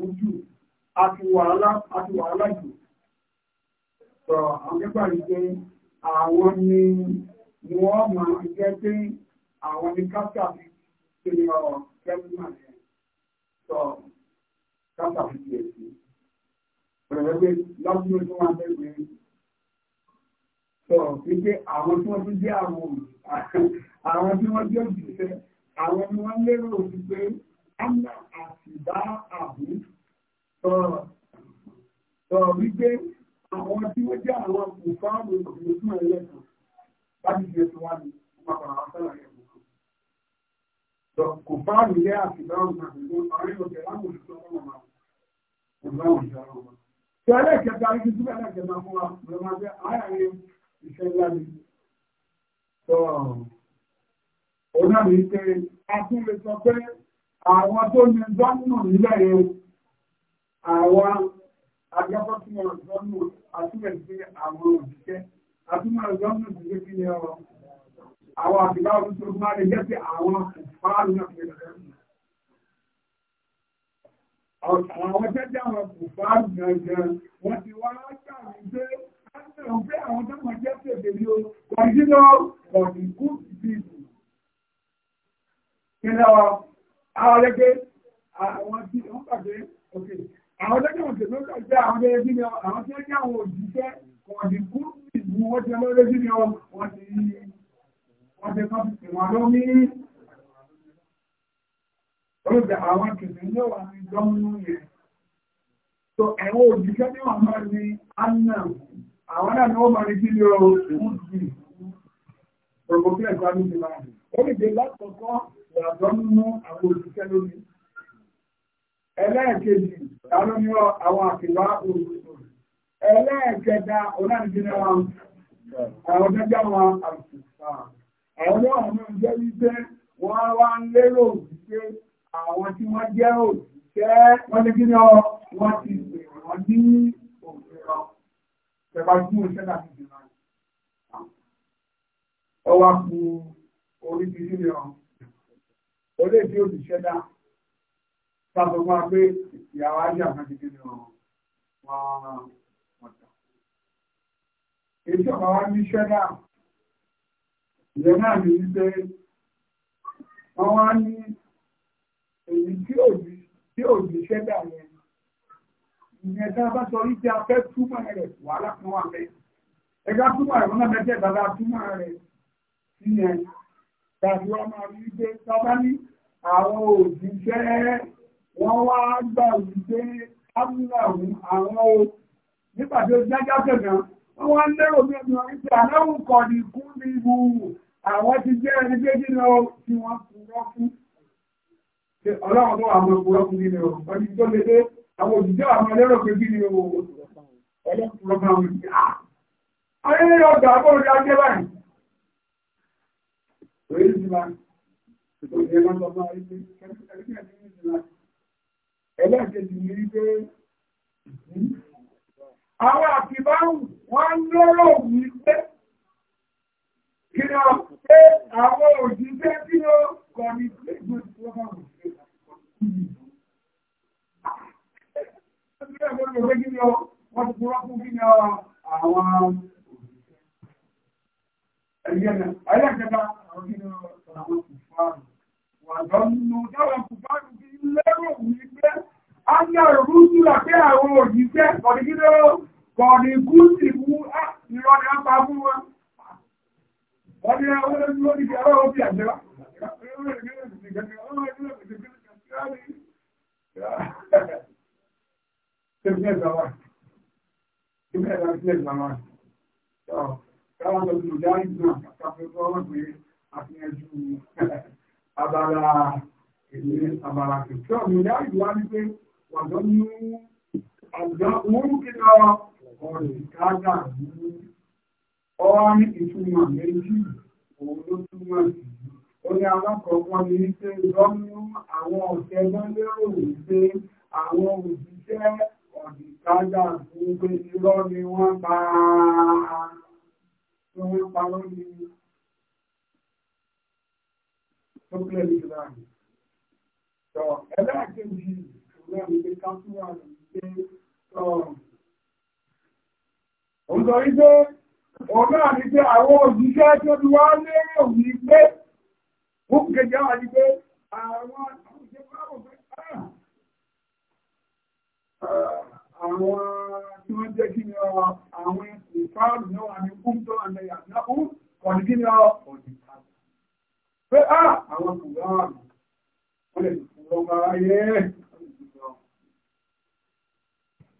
wọ́n àti wàhálà àti wàhálà jù sọ àmẹ́gbà rí pé àwọn ni wọ́n máa jẹ́ pé àwọn ni káṣà fi ṣe ní ọ̀rọ̀ kẹ́mínà rẹ̀ sọ káṣà fi ṣe èsì pẹ̀lú pé lọ́dún tó máa bẹ̀rẹ̀ sọ wípé àwọn tí wọ́n tún jẹ́ àwọn àwọn tí wọ́n jẹ́ òṣìṣẹ́ àwọn ni wọ́n lérò wípé ana àtìbá àbúrò sọ̀rọ̀ wípé àwọn tí wọ́n jẹ́ àwọn òfáàmù ìgbìyànjú ẹlẹ́sìn láti fi ẹ̀sùn wá ní ọmọkùnrin àwọn sẹ́lẹ̀ ẹ̀kọ́. sọ kò fáàmù ilé àti ìdáhùn náà ní ọ̀rẹ́ ọ̀tẹ̀ láwọn òṣìṣẹ́ ọmọ máa ọ̀gá òṣìṣẹ́ ọmọ máa. sọ ẹlẹ́kẹta ní títí ẹlẹ́kẹta fún wa lọ́wọ́ máa jẹ́ àárín iṣẹ́ ńlá ni. sọ ọ̀nà mi pé a tún lè sọ pé àwọn tó ní gbánú nílẹ̀ yẹn àwa agbábọ́ tí wọ́n lọ nù àtúbẹ̀ sí àwọn òṣìṣẹ́ àtúmọ̀ lọ nù sí kí ni ọ àwọn àtìgbà ọdún tó máa lè jẹ́ pé àwọn fáàlù náà fi rẹ̀ àwọn jẹ́jẹ́ àwọn kò fáàlù gangan wọ́n ti wá látàrí pé látàrí pé àwọn tó máa jẹ́ pèsè ní o wọ́n yí lọ kọ̀ ní gúúsù bíbù kí ni ọ àwọn lẹ́gbẹ́ àwọn tí wọ́n pàdé òkè àwọn lẹ́yìn òjò ló lọ jẹ́ àwọn ẹgbẹ́ bí ni àwọn tí ó jẹ́ àwọn òjíṣẹ́ kọ̀ọ̀dì kú ìbú wọ́n ti lọ́rẹ́ bí ni wọ́n ti wọ́n ti kọ́ ìwọ̀n ló ní olùgbé àwọn kìnnì ní wà ní dánwó yẹn so ẹ̀wọ̀n òjíṣẹ́ ní wọ́n máa ní anna àwọn náà ni wọ́n máa ní kí ni ó ń bì pòròpópílẹ̀ ìgbàlódé láàrin ó lè dé látọ̀kọ́ ìyàtọ̀ nínú àwọn òjíṣẹ́ lónìí ẹlẹ́ẹ̀kejì tàbí ní àwọn àkìlá òṣèlú ẹlẹ́ẹ̀kẹta onáìjíríà wọn àwọn ọjọ́jọ́ wọn àkìlá àwọn ọmọ ìjẹ́ wípé wọ́n wá ń lérò wípé àwọn tí wọ́n jẹ́ òṣìṣẹ́ wọ́n lé kíni ọ wọ́n ti pè wọ́n ní òṣèlú ṣẹ̀bá tí mo ṣẹ́ láti dìbò ọ wá ku orí ti sílẹ̀ ọ olè tí ó ti ṣẹ́dá. Sáàtọ̀ fún wa pé ìyàwó ajé àmọ́jẹ́gẹ́ ni wọ́n ọ̀tà. Èyí ọ̀pá wá ní iṣẹ́ náà, ìyẹn náà ní wípé wọ́n wá ní èyí tí ò ní iṣẹ́ dà yẹn. Ìyẹn tá e a bá sọ wípé a fẹ́ túmọ̀ rẹ̀ wàhálà kan wà bẹ́ẹ̀. Ẹ̀ka túmọ̀ rẹ̀ wọ́n náà bẹ́ẹ̀ tẹ̀ túmọ̀ rẹ̀ sí yẹn. Tàbí wọ́n máa rí i pé sábà wọ́n wá gbà wípé ámúnàwù àwọn o nípàdé jájá kẹ̀kẹ́ wọ́n wá ń lérò bí ẹ̀sìn orí pé àdáwù kọ̀ ní kú ní ibu àwọn ti jẹ́ ẹni méjì lọ tí wọ́n purọ́ fún. ọlọ́run tó wà mọ́ purọ́ fún nílẹ̀ o wọ́n tó lé dé àwọn òṣìṣẹ́ àwọn ẹlẹ́rọ pé kí ni o ọlọ́pùrọ̀ bá wọn sí àá. ayé ẹlẹ́ẹ̀kejì ní wípé àwọn àfibáhùn wọ́n lọ́rọ̀ wípé kí lọ pé àwọn òjíṣẹ́ tí ó kọ̀ ní pé gbogbo ọmọ Wọ́n ti kúrọ́ fún kí ni àwọn òṣìṣẹ́. Ẹlẹ́gbẹ̀ta àwọn kí ni àwọn kùfààrù. Wà lọ́nà táwọn kùfààrù fi lẹ́rọ̀ wípé Anya rúsùlà pé àwọn òjíṣẹ́ kọ̀dìgídọ́ kọ̀dì gúúsì mú ìrọ̀ ni a pa fún wọn. Ọdí ẹwọ́n ló ní ìjọba ó fi àjẹ́wà. Abala ìlú abala kìí. Tí ọ̀gbìn dáìdù wá ní pé وظنوا mọ́rúkìlá ọ̀rẹ̀kágà ní ọwá ní ìtumọ̀ méjì òun ló túmọ̀ sí ó ní alákọ̀ọ́kọ́ ní pé lọ́nú àwọn ọ̀sẹ̀ lọ́lérò wípé àwọn òṣìṣẹ́ ọ̀rẹ̀kágà fún pé irọ́ ni wọ́n pa tí wọ́n pa lórí tó pẹ́lú ìlànà ẹlẹ́ẹ̀kejì náà ní pé ká fún àwọn ìgbé ọ̀rùn. Òun sọ wípé òun náà ní pé àwọn òṣìṣẹ́ tó ti wá lérò ní pé fún kejì àwọn àti pé àwọn àwùjọ báwò pé àwọn tí wọ́n jẹ́ kí ni àwọn ìfáàlù náà wà ní fún tó àmì àdínákú kọ̀ ní kí ni ọ̀dì pé ah, àwọn kò wá wọ́n lè fún ọmọ ayé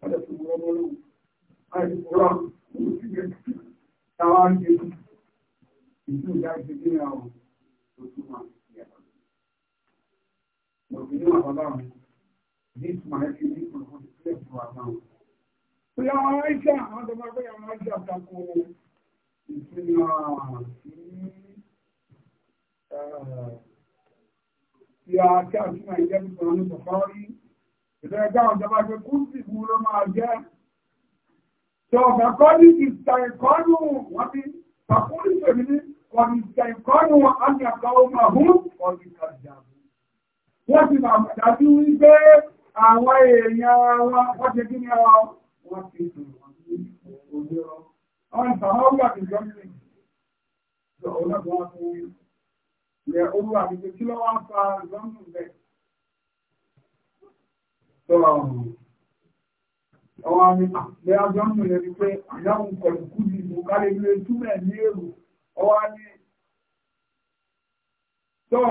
wọ́n lè fi wọ́n lọ́wọ́ àìsíra ní ìfìyẹ́ táwa ń gbé ìlú ìyá ìdílé àwọn tó tún máa yẹ. Mo fi ní àbábá mi, ní ìtumọ̀ ẹ̀ fi ní ìpolówó sílẹ̀ fún wa náà. Bóyá àwọn aláìsà, àwọn tó máa bóyá àwọn aláìsà tako ìfìyà sí eh, ti a kí àtúnmọ̀ ìjẹ́ bí sọ̀rọ̀ ní sọ̀fọ́rí ìrẹ́gbà ọ̀jọba ṣe kú wọ́n ti máa dájú wípé àwọn èèyàn wọn wọ́n ti kí ní ọ wọ́n ti dùn wọ́n ní òjòrò wọ́n ti sàmọ́ wà ní gọ́ọ̀mì ọ̀lọ́gbọ̀n fún ilẹ̀ olúwa àti kí lọ́wọ́ fa gọ́ọ̀mì bẹ́ẹ̀ Ọwọ́ àmì àpẹ́ àjọ́mù lè rí pé àdáhùn pẹ̀lú kú ní ìlú ká lè rí túnmẹ̀ ní èrò. Ọwọ́ ní tọ́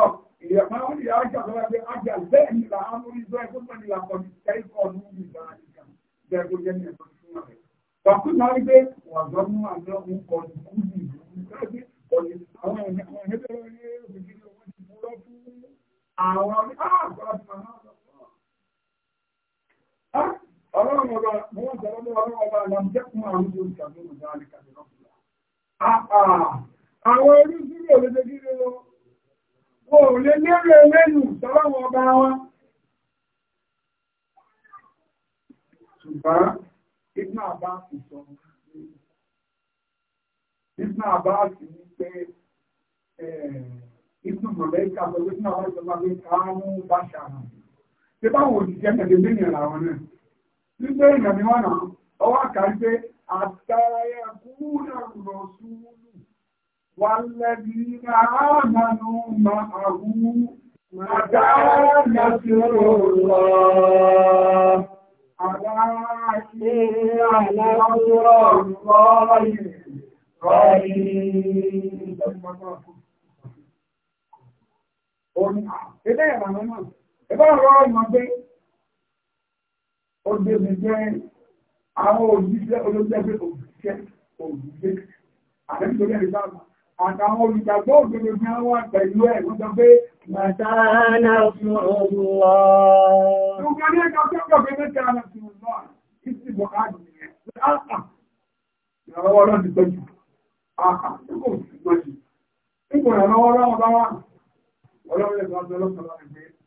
ìyàmá ó lè ájà lọ́wọ́ pé ájà bẹ́ẹ̀ ni là á múrí sọ ẹgbẹ́ pẹ̀lú ìlàpọ̀ ní kẹ́kọ̀ọ́ ní ìgbà àdìgbà jẹ́ kó jẹ́ ní ẹ̀kọ́ fún rẹ̀. Bàkú náà rí pé wà lọ́mú àjọ́mù pẹ̀lú kú ní ìlú àwọn ẹ̀mẹ́ ah, ọlọ́run ọba mo wọ́n sọ̀rọ̀ mọ́ ọlọ́run ọba làmjẹ́kùn àwọn yóò ṣàgbọ́n ọ̀dọ́ àlìkàdé lọ́kùnrin. àwọn oríṣiríṣi òlẹ́dẹ́ gírí lọ wọn ò lè lérò ẹlẹ́nu sọ́lọ́run ọba wọn. ṣùgbọ́n ibùdó àbá kò sọ ibùdó àbá sì ní pé ibùdó mọ̀lẹ́kà lọ́wọ́ ibùdó àbá ìjọba pé káwọn bá ṣàràn ṣe báwọn òṣìṣẹ́ tẹ̀lé mílíọ̀nù àwọn náà nígbà èèyàn ni wọ́n nà ọwọ́ àkàrí pé àtàyà kúrò lọ súnmù wàlẹ́bí àmàlù máa hù àtàyà kúrò lọ. Àwa ṣe àlàkúrọ̀ lọ́yìn lọ́yìn. Orin, ilé ìrànlọ́nà. Ẹgbẹ́ ọ̀rọ̀ ọmọ pé ó gbé mi jẹ́ àwọn òjíṣẹ́ olóṣẹ́ pé òjíṣẹ́ òjíṣẹ́ àtẹ́sílẹ̀ ìbámu àtàwọn olùgbàgbọ́ òdodo ní àwọn pẹ̀lú ẹ̀ wọ́n sọ pé màtánà fún ọlọ́. Ṣùgbọ́n ní ẹ̀ka tó kọ̀ pé mẹ́ta ara fún ọlọ́ ìsìn bọ̀ káàdì yẹn. Ìrànlọ́wọ́ ọlọ́dún tó jù. Àkà tó kò sí gbọ́dọ̀. Ìgbọ̀nà lọ́wọ́ ọlọ́wọ́ bá wà. Ọlọ́run ẹ̀ka ọjọ́ ọlọ́sọ̀rọ̀ ẹ̀gbẹ́.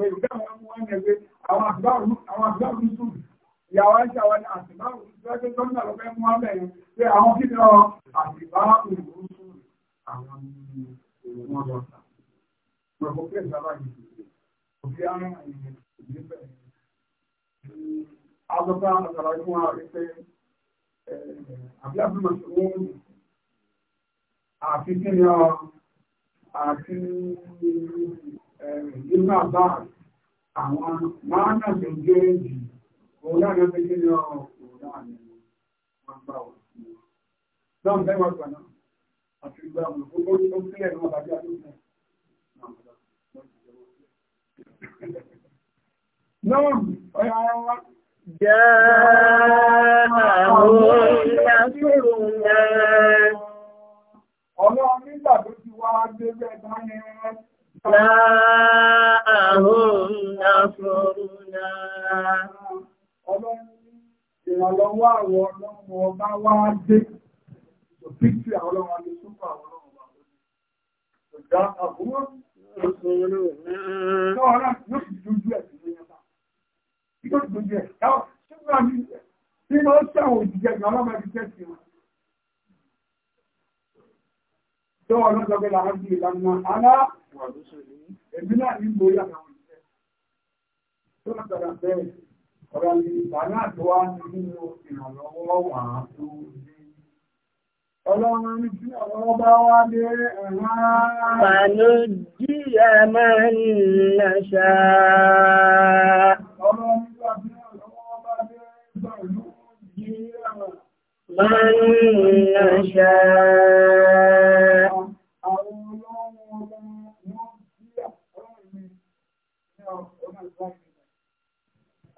Yorùbá àwọn ọmọ wọn ẹgbẹ́ àwọn àbúrò ìṣù ìyàwó ẹ̀ṣẹ̀ àwọn àtìbáwò ìṣẹ́gbẹ́ gómìnà lọ́fẹ́ mú wọn bẹ̀rẹ̀ pé àwọn kí ni ọ àtìbáwò ìṣù àwọn ìwọ̀n wọn lọ́ta. Gbogbo pé ìjọba yìí kò fi àwọn ènìyàn ìgbésẹ̀. Àlọ́ta àtàrà ìwọ̀n àrí pé àbílẹ̀ àbúrò ìṣòwò àfi kí ni ọ àti Eh, nígbà bá àwọn máànà méjèèjì òláàrẹ méjèèjì òláàrẹ wọn gbà wọ́n sí wọn. lọ́n bẹ́ẹ̀ wọn wọn bá Láàrùn nàfọ̀rùnà. Ọlọ́run ìrànlọ́wọ́ àwọn ọlọ́run ọba wá dé. Òpítì àwọn ọlọ́run àti súpà ọlọ́run ọba wọlé. Ọ̀dá àbúrò. Ọ̀rọ̀ yóò fi dojú ẹ̀ sí ẹ̀ta. Yóò fi ẹ̀. Ṣé máa ń ṣe òjìjẹ́ ìgbà ọlọ́run àti tó wọ́n ló sọ́gbẹ́ láàájú ìlànà àná ẹ̀mí náà ní mo yà náà ìṣẹ́ tó lọ sọ̀rọ̀ bẹ́ẹ̀ ọ̀rọ̀ ni ìbáná tó wá ní nínú ìrànlọ́wọ́ wà tó ní ọlọ́run ní kí ọ̀rọ̀ bá wá dé ẹ̀rán pàánú jí àmà nàṣà ọlọ́run ní kí ọ̀rọ̀ bá dé pàánú jí àmà من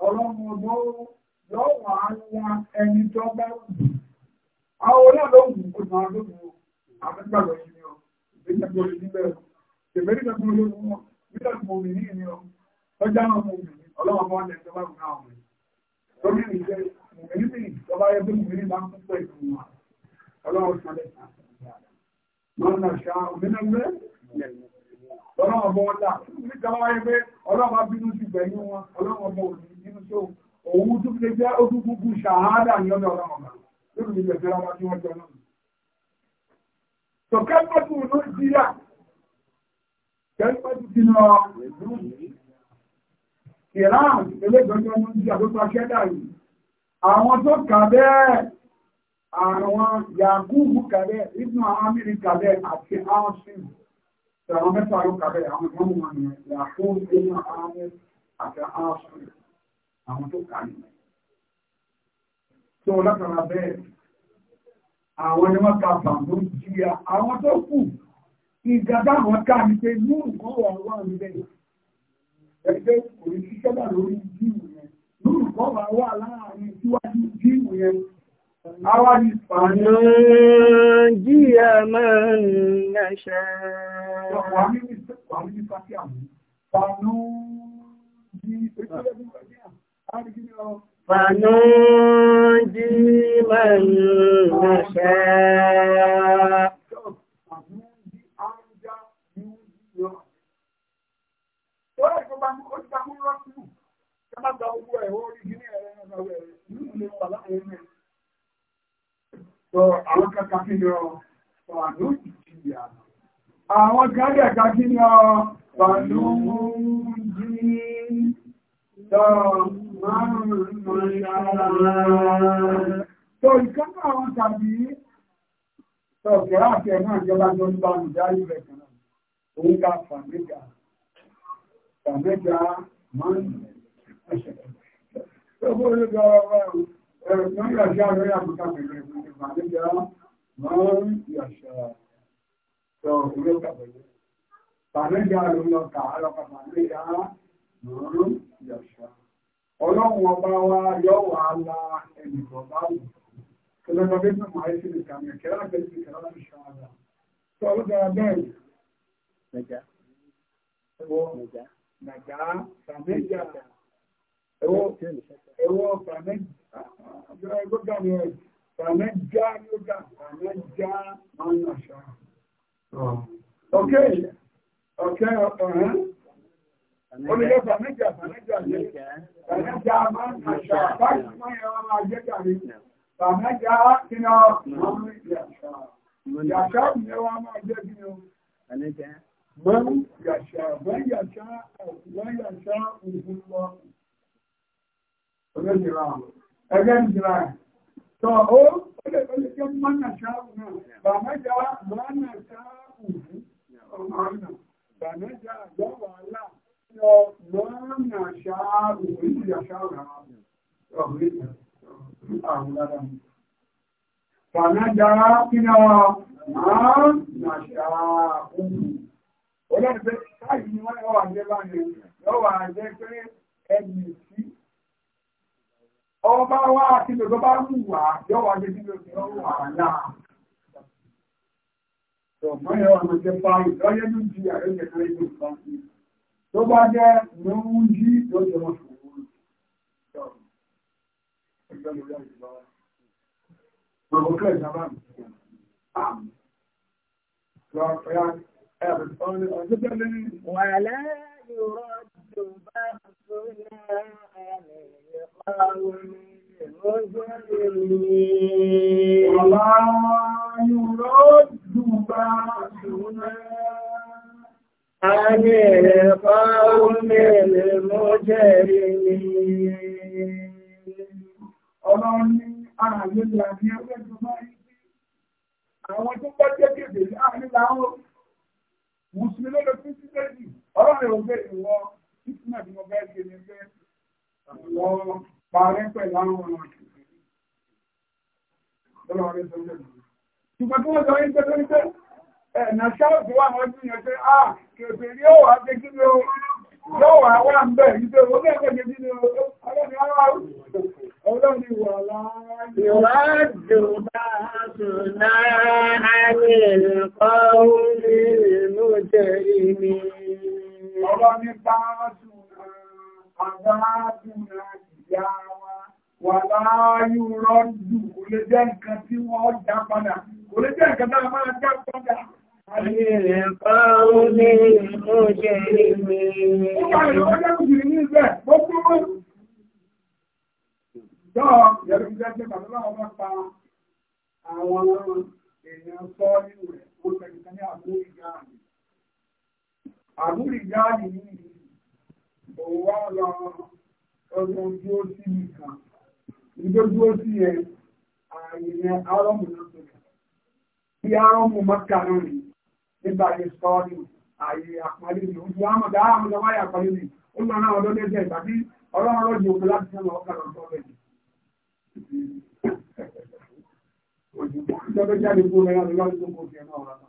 Ọlọ́run ọdọ́ yóò wà á wá ẹni tó bá wù. Àwọn olóòlóògùn kò máa lóògùn àfẹ́gbàgbọ́ yìí ni ọ. Ìgbésẹ̀ tó lè níbẹ̀ ọ. Ìgbésẹ̀ tó lè lóògùn wọn. Ìgbésẹ̀ tó lè ní ìní ọ. Ọjà náà mo bì ní ọlọ́run ọmọ ọ̀nà ìjọba ìgbà ọ̀hún. Lórí ìgbésẹ̀ kùmìrí sì tọ́ba yẹ pé kùmìrí máa ń kú pẹ̀ fún wa ọlọ́run san lè san máa ń nà ṣá òmìnirẹ́ ọlọ́run ọbọ̀ wọn dà kùmìrí tọ́ba yẹ pé ọlọ́run abínú ti gbẹ̀yìn wọn ọlọ́run ọbọ̀ òní nínú tó òun tó fi lè jẹ́ ó tún kúkú ṣàhádà ní ọ̀dọ̀ ọlọ́run ọba lórí ilẹ̀ fẹ́ra wa tí wọ́n jọ náà tọ̀kẹ́ pẹ̀tù ló jíyà kẹ́lẹ́pẹ̀tù ti lọ ìran ẹlẹ́gbẹ̀ẹ́gbẹ̀ ló jíyà tó pa kẹ́dà yìí àwọn tó kà bẹ́ẹ̀ àwọn Yakubu kà bẹ́ẹ̀ Ibnu Amiri kà bẹ́ẹ̀ àti Asim àwọn mẹ́fà ló kà bẹ́ẹ̀ àwọn ìmọ̀ wọn ni Yakubu Ibnu Amiri àti Asim àwọn tó kà ní tó látara bẹ́ẹ̀ àwọn ni wọ́n ka bàbá jíya àwọn tó kù ìgbàdá àwọn ká lórúkọ bá wà láàrin síwájú jíìmù yẹn awárí ìpààyàn jíyà máa ń nàṣẹ́ wà ní ìpàkí àmú pàánú jí Fàánú jí máa ń nàṣẹ́. Ó rẹ̀ tó bá mú rọ́pù Kábàtà owó ẹ̀ orí gíní ẹ̀rẹ́ náà rẹ̀ nínú lè wà láàrin ẹ̀mẹ́. Sọ àwọn kàkà kí ni ọ pàdó ìjìyà. Àwọn ni ọ pàdó ìjì. Sọ márùn-ún ìyára. Sọ àwọn tàbí sọ kẹ́rà kẹ́ náà jọba jọ ń bá Ọgbọ́n olóògbà ọgbà ẹ̀rùn tó ń yà sí àwọn ẹ̀yà àbúkà pẹ̀lú ìgbà nígbà máa ń yà sí àwọn ọ̀rọ̀ ìgbà Bàmẹ́jà ló lọ kà á lọ́kà bàmẹ́jà lọ́rọ́ ìyàṣà. Ọlọ́run ọba wa yọ wà á la ẹnìkan bá wù. Kẹlẹ́kọ̀ bí sọ̀rọ̀ máa ṣe lè kà mí kẹ́lá bẹ́ẹ̀ sì kẹ́lá bí sọ àgbà. Sọ ọlọ́dọ̀ bẹ́ẹ̀. Nàjà. Nàjà. Bàmẹ́jà ẹ̀wọ́ fàmẹ́já yóga fàmẹ́já máa ń àṣà ọ̀kẹ́ ọ̀kẹ́ ọ̀hán olùyẹ fàmẹ́já fàmẹ́já jẹ́ fàmẹ́já máa ń àṣà báyìí máa yẹ wọn máa jẹ́ kàrí fàmẹ́já kí ni ọ máa ń rí àṣà yàṣà yẹ wọn máa jẹ́ kí ni ọ mọ́ yàṣà mọ́ yàṣà mọ́ yàṣà òfin lọ́wọ́ ẹgbẹ́ ìjìnlá tó ó lè jẹ́ mọ́nà ṣáàrù náà bàmẹ́jà mọ́nà ṣáàrù ọ̀nà bàmẹ́jà lọ́wọ́ alá yọ mọ́nà ṣáàrù ìyà ṣáàrù Fànájára kíná máa nà ṣàáhùn. Olóògbé, káàkiri wọ́n lọ́wà jẹ́ bá ní lọ́wà jẹ́ pé ẹni sí ọba wá àti lòdó bá wù wá yọ́wà jẹ́ nílò ìrọ̀rùn àlá ọ̀gbọ́n yẹn wọn jẹ́ bá ìlọ́yẹ́ ní jí àrẹ́jẹ̀ tó yẹ kó sí tó bá jẹ́ lóhun jí tó jẹ́ wọn fún wọn Wàlá yóò rọ́ Mùsùlùmí ló lọ sí sí lẹ́yìn, ọlọ́run ò gbé ìwọ títúmọ̀ tí mo bẹ́ẹ̀ ṣe ni pé lọ parẹ́ pẹ̀lú àwọn ọmọ ìṣẹ̀lẹ̀ tó lọ rí sọ́jọ́ ṣùgbọ́n tí wọ́n sọ yín pé tó ní pé ẹ̀nà ṣáàtì wà wọ́n jìyàn pé à kèfè ní ó wà pé kí ni ó yóò wà wà ń bẹ̀ ní pé ó bẹ́ẹ̀ pẹ̀ kí ni ó ọlọ́ni ara ọlọ́ni wà láàárín. ìwà dùn bá dùn náà á ní ìlú kọ́ ó ní ìlú jẹ́ ìmí ọ̀rọ̀ ní báàdùnà àbáàdùnà ìyá wa wà láàáyù rọ́dù kò lè jẹ́ nǹkan tí wọ́n dá padà kò lè jẹ́ nǹkan tí wọ́n dá padà. Àlèrè pàrọ ní ìmúṣẹ ìmì. Ó bá ìrọ̀lẹ́ òjìrì ní ìbẹ̀ gbogbo. Jọ́ yẹ̀rù jẹ́ àwọn èèyàn àmì àbúrì jáde ní òun wá lọ ọdún dúró sí nìkan ìjọ dúró sí ẹ àyẹ̀yẹ arọ́mù lọ́sọ̀rọ̀ bí arọ́mù mọ́kà náà rí nígbà yẹn sọ́ọ́nù àyè àpàlẹ́ mi ojú àmọ̀dá àmọ̀dá wáyé àpàlẹ́ mi ó lọ náà ọdún lẹ́jẹ̀ ìgbàdí ọlọ́run lọ́jọ́ òkú láti sẹ́nu ọkà lọ sọ́ọ́ bẹ̀rẹ̀ ìjọba jáde kúrò lẹ́yìn lọ́dún tó kò náà rárá.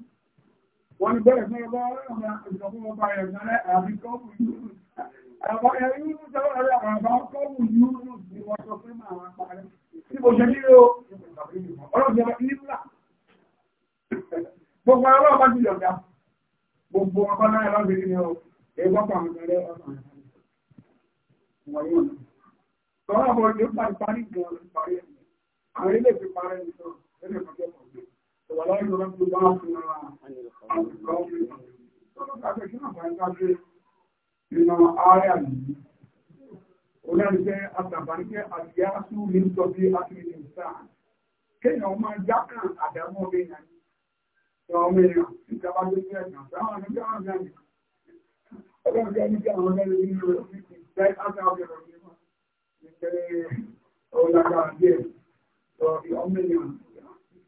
wọ́n bẹ̀rẹ̀ fẹ́ bá ọ̀rọ̀ ìjọba ọba ẹ̀gbẹ̀rẹ̀ àbí kọ́ọ̀bù yúrù àwọn ẹ̀rí yúrù tẹ́wọ́ ẹ̀rọ àbá kọ́ọ̀bù yúrù ni wọ́n sọ pé máa wá parẹ́ tí mo ṣe nílò ọlọ́dẹ̀ẹ́rẹ́ nílà gbogbo ẹ̀rọ ọba ti yọ̀dá gbogbo ọba náà ẹ̀rọ ti ní ọ ẹ̀gbọ́n pa àwọn ولا يرد باطنا عن القوم nínú ààrẹ yìí olóòjẹ́ àtàbáníkẹ́ àdíyású ní sọ́bí àtìlẹ̀ ìsáà kéèyàn máa jákàn àdámọ́ èèyàn ní ọmọ èèyàn ìjọba tó jẹ́ ẹ̀gbọ́n táwọn ọmọdé wọn gbà ní ọlọ́ọ̀jẹ́ ní kí àwọn ọlọ́ọ̀jẹ́ ní ìjọba àtàwọn ọmọdé wọn ní pé ọlọ́ọ̀jẹ́ ọmọ èèyàn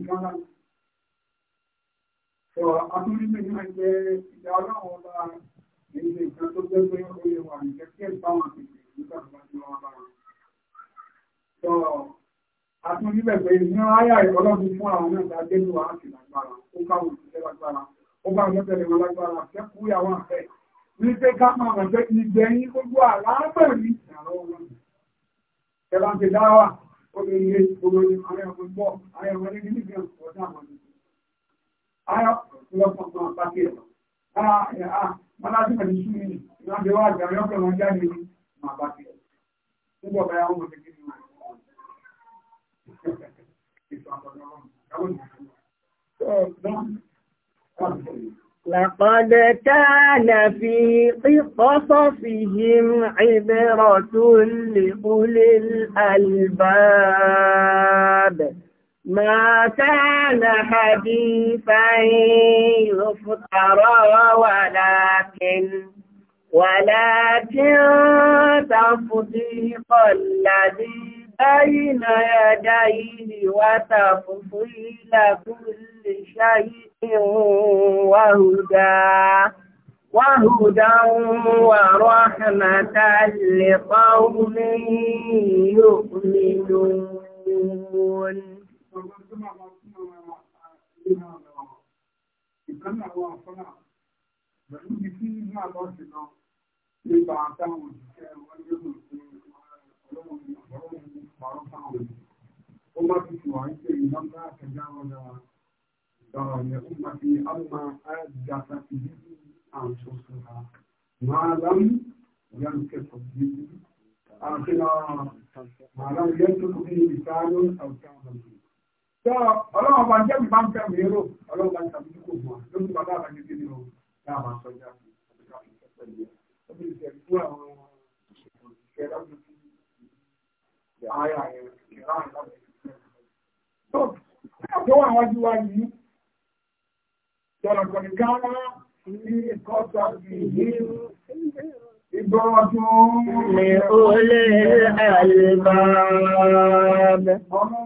nǹkan láti. Sọ àtúrísí náà jẹ́ ìjà ọlọ́run ọba èyí nǹkan tó jẹ́ pé ó lè wà ní kẹ́kẹ́ báwọn àtìkè nígbà tó bá ti wọ́n bá wọn. Sọ àtúrísí pẹ̀lú ní àyà ìkọlọ́dún fún àwọn náà tá a dé lùwà àti lágbára ó káwọn òṣìṣẹ́ lágbára ó bá wọn tẹ̀lé wọn lágbára kẹ́kú ìyàwó àfẹ́ ní pé ká máa mọ̀ pé ìgbẹ̀yìn gbogbo àlàáfẹ́ mi obìnrin olórí ayọ̀mọ̀gbọ́ ayọ̀mọ̀lẹ́ nígbà ọ̀dá àmọ́ni ayọ̀pọ̀lọpọ̀ àpákẹ́ ẹ̀ mọ́lájúmọ̀ ní ṣúrí ìrìnàjò wà jàrí ọ̀pẹ̀ wọn jáde ní àpákẹ́ nígbà ọ̀bẹ̀ àwọn ọmọdé kí ni wọ́n Thank you. لقد كان في قصصهم عبرة لأولي الألباب ما كان حديثا يفترى ولكن ولكن تصديق الذي بين يديه وتفصيل كل شيء وهدى وهدى ورحمة لقوم يؤمنون ìgbẹ́nà àwọn àfọ́nà pẹ̀lú ibi tí ìgbà lọ́sì lọ nípa àtàwọn òṣìṣẹ́ wọn ní ọdún ọlọ́run 5,000. أمتي وعيسى لما تجاوز دار أمتي أما أدت به أنفسها ما لم ينكف به آخرا ما لم ينكف به لسان أو تعمل Ọlọ́run ọba jẹ́ mi bá ń fẹ́ mi rò, ọlọ́run bá ń tàbí kò mọ̀, lórí bàbá àbájẹ́ kí ni o, dáa máa sọ jáde, àbíká fi ṣẹ́pẹ́ lé. Ó bí ìṣẹ̀lú àwọn òṣìṣẹ́ lọ́dún ààyà yẹn ìlànà ìlànà tó wà wájú wa yìí tọ̀rọ̀kọ̀ ní gáná ní ìkọ́ta ìgbọ́rọ̀tún mi ó lè àlèbà ọmọ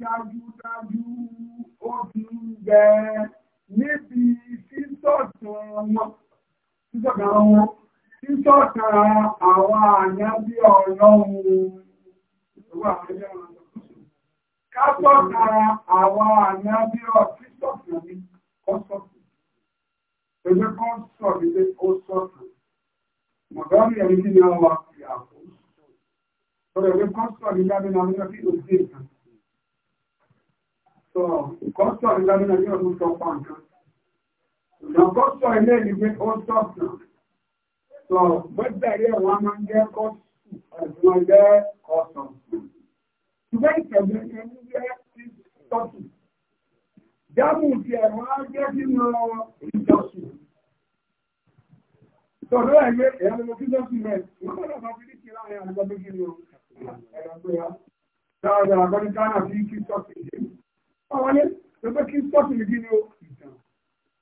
dájúdájú ó ti ń bẹ níbi sísọ̀tàn àwọn àyàbí Kápọ̀ kára àwọn àmì abíọ̀ Kírísọ̀fù ní kọ́sọ̀fù. Ẹgbẹ́ kan sọ nílé kọ́sọ̀fù. Mọ̀gọ́rì ẹ̀rí ní àwọn àpìyàwó. Sọ̀rọ̀ ẹgbẹ́ kan sọ ní lábẹ́nà nígbà tí ó dé ìkan. Sọ kọ́sọ̀ ní lábẹ́nà ní ọdún sọ pa nǹkan. Ìgbà kọ́sọ̀ ilé ìgbé kọ́sọ̀fù. Sọ gbẹ́gbẹ̀rẹ̀ wọn máa ń jẹ́ kọ́sọ̀ ọ̀gbọ́n jẹ́ ọ̀sán. Ṣùgbọ́n ìtẹ̀gbẹ́ ẹni jẹ́ tọ́tù. Jámù ti ẹ̀rọ á jẹ́ nínú ìjọsìn. Sọ̀rọ̀ ẹ̀yẹ ẹ̀rọ lọ sí lọ́sùn rẹ̀. Wọ́n lọ́dọ̀ bá fi líkì láàrin àgbà méjì ni ẹ̀rọ pé ya. Dáadáa, àgbọ̀nìkan àti kí sọ́ọ̀tì. Ọ̀wọ́lé, ẹgbẹ́ kí sọ́ọ̀tì nìkí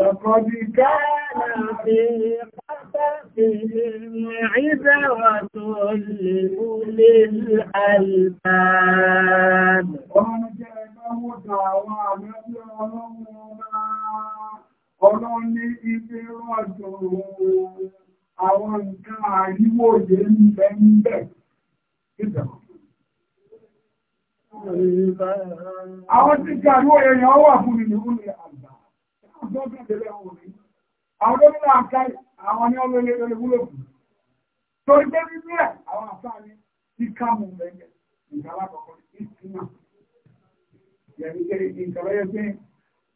لقد كان في قصصهم عبرة لأولي الألباب Ọlọ́run ní ibi rọ̀jò àwọn nǹkan àríwòye ń bẹ ń bẹ̀. Àwọn tí kí àríwòye yẹn wà fún ìlú ní àgbà gọ́ọ̀gùn ìdílé ọwọ́ mi àwọn gómìnà àká àwọn ní ọmọ ilé wúlò fún torí pé bí bẹ́ẹ̀ àwọn àfáà ní kíkà mú lẹ́yìn ìjọba kọ̀ọ̀kan ìtumà yẹ̀mí pé ìjọba yẹ pé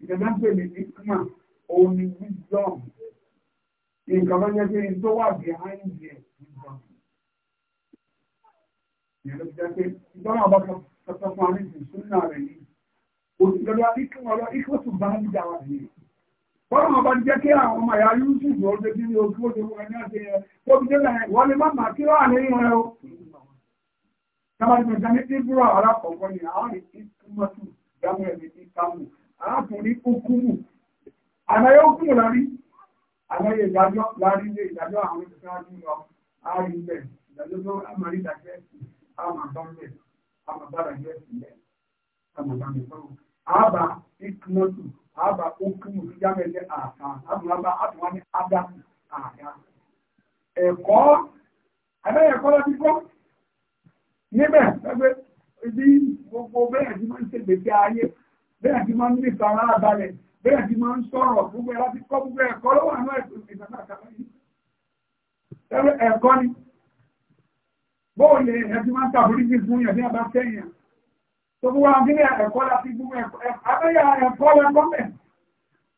ìjọba pè ní ìtumà òun ni wisdom ìjọba yẹ pé behind yẹ wisdom yẹ̀mí pé ìjọba ọba kọ̀ọ̀kan fún àrísìn fọ́nà ọba jẹ́ kí àwọn ọmọ ìyá Yusuf ló ṣe kí ní ojú ó ṣe ẹni àti ẹ̀ tó délẹ̀ wọ́n lè má mà kí wà ní ìrìn rẹ̀ o. ìjà ní alákọ̀ọ́kọ́ ni àwọn dámú ẹ̀mí ti Arákùnrin lárí. ìdájọ́ lárí ilé ìdájọ́ àwọn ìṣáájú lọ. bẹ̀. aba àbá okùnù tí jábẹ̀ jẹ́ àṣà àbúrábá àtúwá ní ádá àṣà. Ẹ̀kọ́ abẹ́yẹ ẹ̀kọ́ lọ ti kọ́ níbẹ̀ lọ́gbẹ́ ibi gbogbo bẹ́ẹ̀ tí máa ń ṣe gbèsè ayé bẹ́ẹ̀ tí máa ń ní sara abalẹ̀ bẹ́ẹ̀ tí máa ń sọ̀rọ̀ gbogbo ẹ̀ láti kọ́ gbogbo ẹ̀kọ́ lọ́wọ́ àánú ẹ̀kọ́ ni bóòlù ẹ̀ tí máa ń tàbí gbogbo wa nílé ẹ̀kọ́ láti gbogbo abẹ́yà ẹ̀kọ́ lẹ́kọ́ mẹ́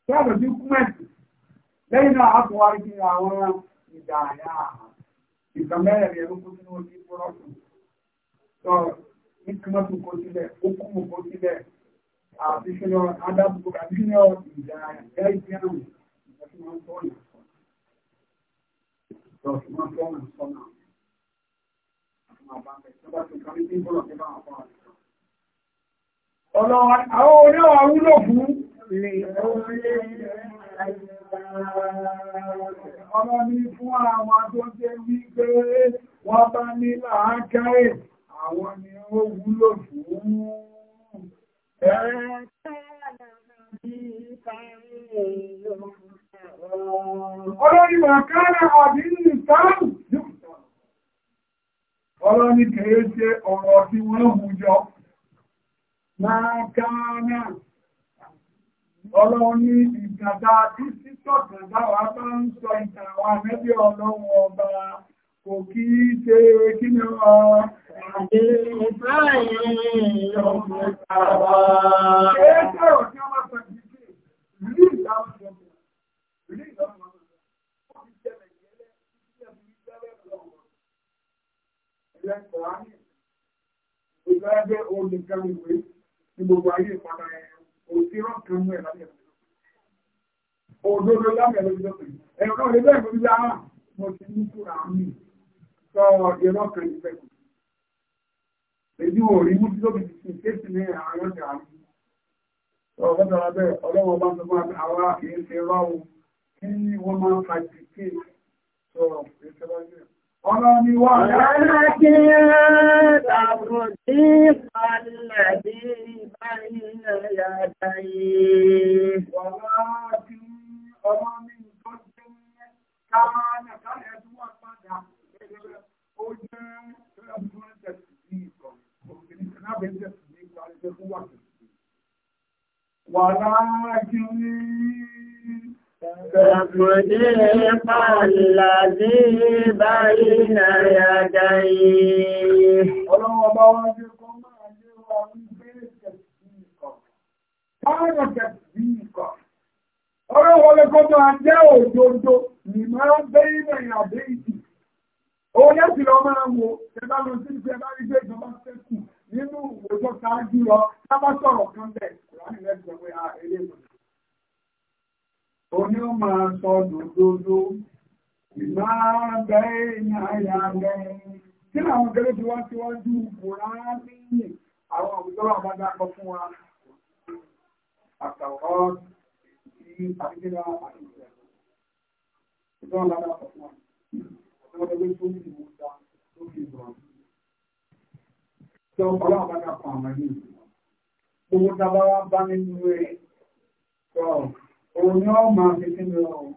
sọ́ọ̀dọ̀ sí kúmẹ̀tì lẹ́yìn náà a tún wá rí àwọn ìdààyà ìgbàmẹ́rẹ̀ ẹ̀rọ kó sínú ojú fọ́rọ́sù sọ ní kímọ́tù kó sílẹ̀ okùnmù kó sílẹ̀ àti sínú adábùkù àti sínú ìdààyà ẹ̀rọ ìdíyàwó ìgbà tí wọ́n tọ́nà sọ tí wọ́n tọ́nà sọ́nà àti máa bá bẹ̀ tí wọ́n bá ti kàrí sí ìbọ̀lọ̀ Àwọn oníwà wúlò fún ọmọ ní fún àwọn tó jẹ́ wípé wọ́n bá ní làákàyè àwọn ni ó wúlò fún ẹ̀rẹ́ Ọlọ́ni Màkàrà àbí Nìsáàmù Ọlọ́ni kèé ṣe ọ̀rọ̀ tí wọ́n hù jọ. Láàkánà ọlọ́run ní ìgbàdá tí títọ́ tàbáwà bá ń sọ ìtàwà mẹ́bí ọlọ́run ọba kò kí í ṣe kí ní ọ àti ìfẹ́ ọ̀pọ̀ tàbá. Ẹgbẹ́ ọ̀rọ̀ tí wọ́n máa ìwé ní gbogbo ayé ìpadà ẹ̀rọ òsì rọ́ọ̀kì mú ẹ̀ lábẹ́ ẹ̀rọ òdodo lábẹ́ ẹ̀rọ ìjọba ẹ̀rọ náà lè bẹ́ẹ̀ fún mi lára mo ti ní kúrò àmì sọ ìrọ́ kan ìfẹ́ kù èyí ò rí mú tí lóbi ti sìn kéèsì ní àwọn ọjà àmì sọ ọ̀gọ́dọ̀ abẹ́ ọlọ́wọ́ bá ń sọ fún àwa kì í ṣe rọ́ọ̀ kí wọ́n máa ń fa jìkì sọ ìṣẹ́wájú ẹ̀ Ọlọ́ni wà ní تصديق الذي بين يديه ọlọ́wọ́ bá wá jẹ́ kọ́ máa jẹ́ wà ní bẹ́ẹ̀ tẹ̀síkọ̀ káàrọ̀ tẹ̀síkọ̀ ọlọ́wọ́ lẹ́kọ́ máa jẹ́ òdodo ní máa bẹ́ẹ̀ ìyàbẹ́ ìdí òun láti lọ máa wo ẹ̀bá lọ sí ìfẹ́ bá rí bẹ́ẹ̀ ìjọba sẹ́kù nínú òjò ṣáájú lọ lábá sọ̀rọ̀ kan bẹ́ẹ̀ oní ó máa sọ dòdòdó ìmáàbẹ́ ní àyàbẹ́ tí àwọn gẹ́lẹ́ tí wọ́n tíwájú kùránì àwọn òbútọ́lá àbádá kọ fún wa àtàwọ́ sí àríkẹ́lá àti ìjọba àbádá kọ fún wa ọ̀tọ́lọ́gbẹ́ tó ń fi ìwòta tó fi ìbọn tó ọlọ́run bá dá gbogbo tábà wá bá nínú ẹ̀ òun ni ó máa fi kí ni òun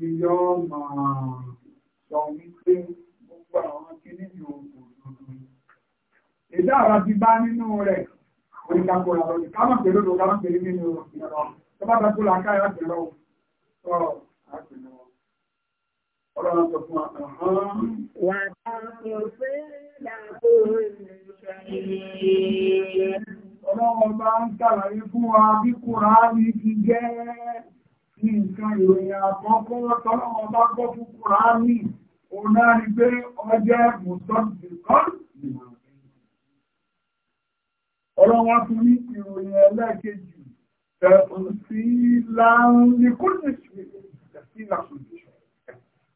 ni yọ́ máa sọ wípé gbogbo àwọn kíní ni òun ìdá àrà ti bá nínú rẹ̀ oníkàkùnrin àwọn ìkámọ̀ pẹ̀lú ló kámọ̀ pẹ̀lú nínú ìrọ̀ tó bá tẹ́kù làákàyà láti rọ̀ ọ́ láti rọ̀ ọlọ́run sọ fún àhán. wà á kò fẹ́ làkòrò ìṣẹ̀lẹ̀ ọlọ́wọ́ bá ń tàlàyé fún wa bí Kùránì ti jẹ́ nǹkan ìròyìn àkọ́kọ́ tọ́lọ́wọ́ bá gbọ́ fún Kùránì ọ̀nà rí pé ọjẹ́ mùsọ́dìkọ́n ọlọ́wọ́ tún ní ìròyìn ẹlẹ́ẹ̀kejì tẹ̀sùn sí láàrín ní kúrò sí ìlàsùn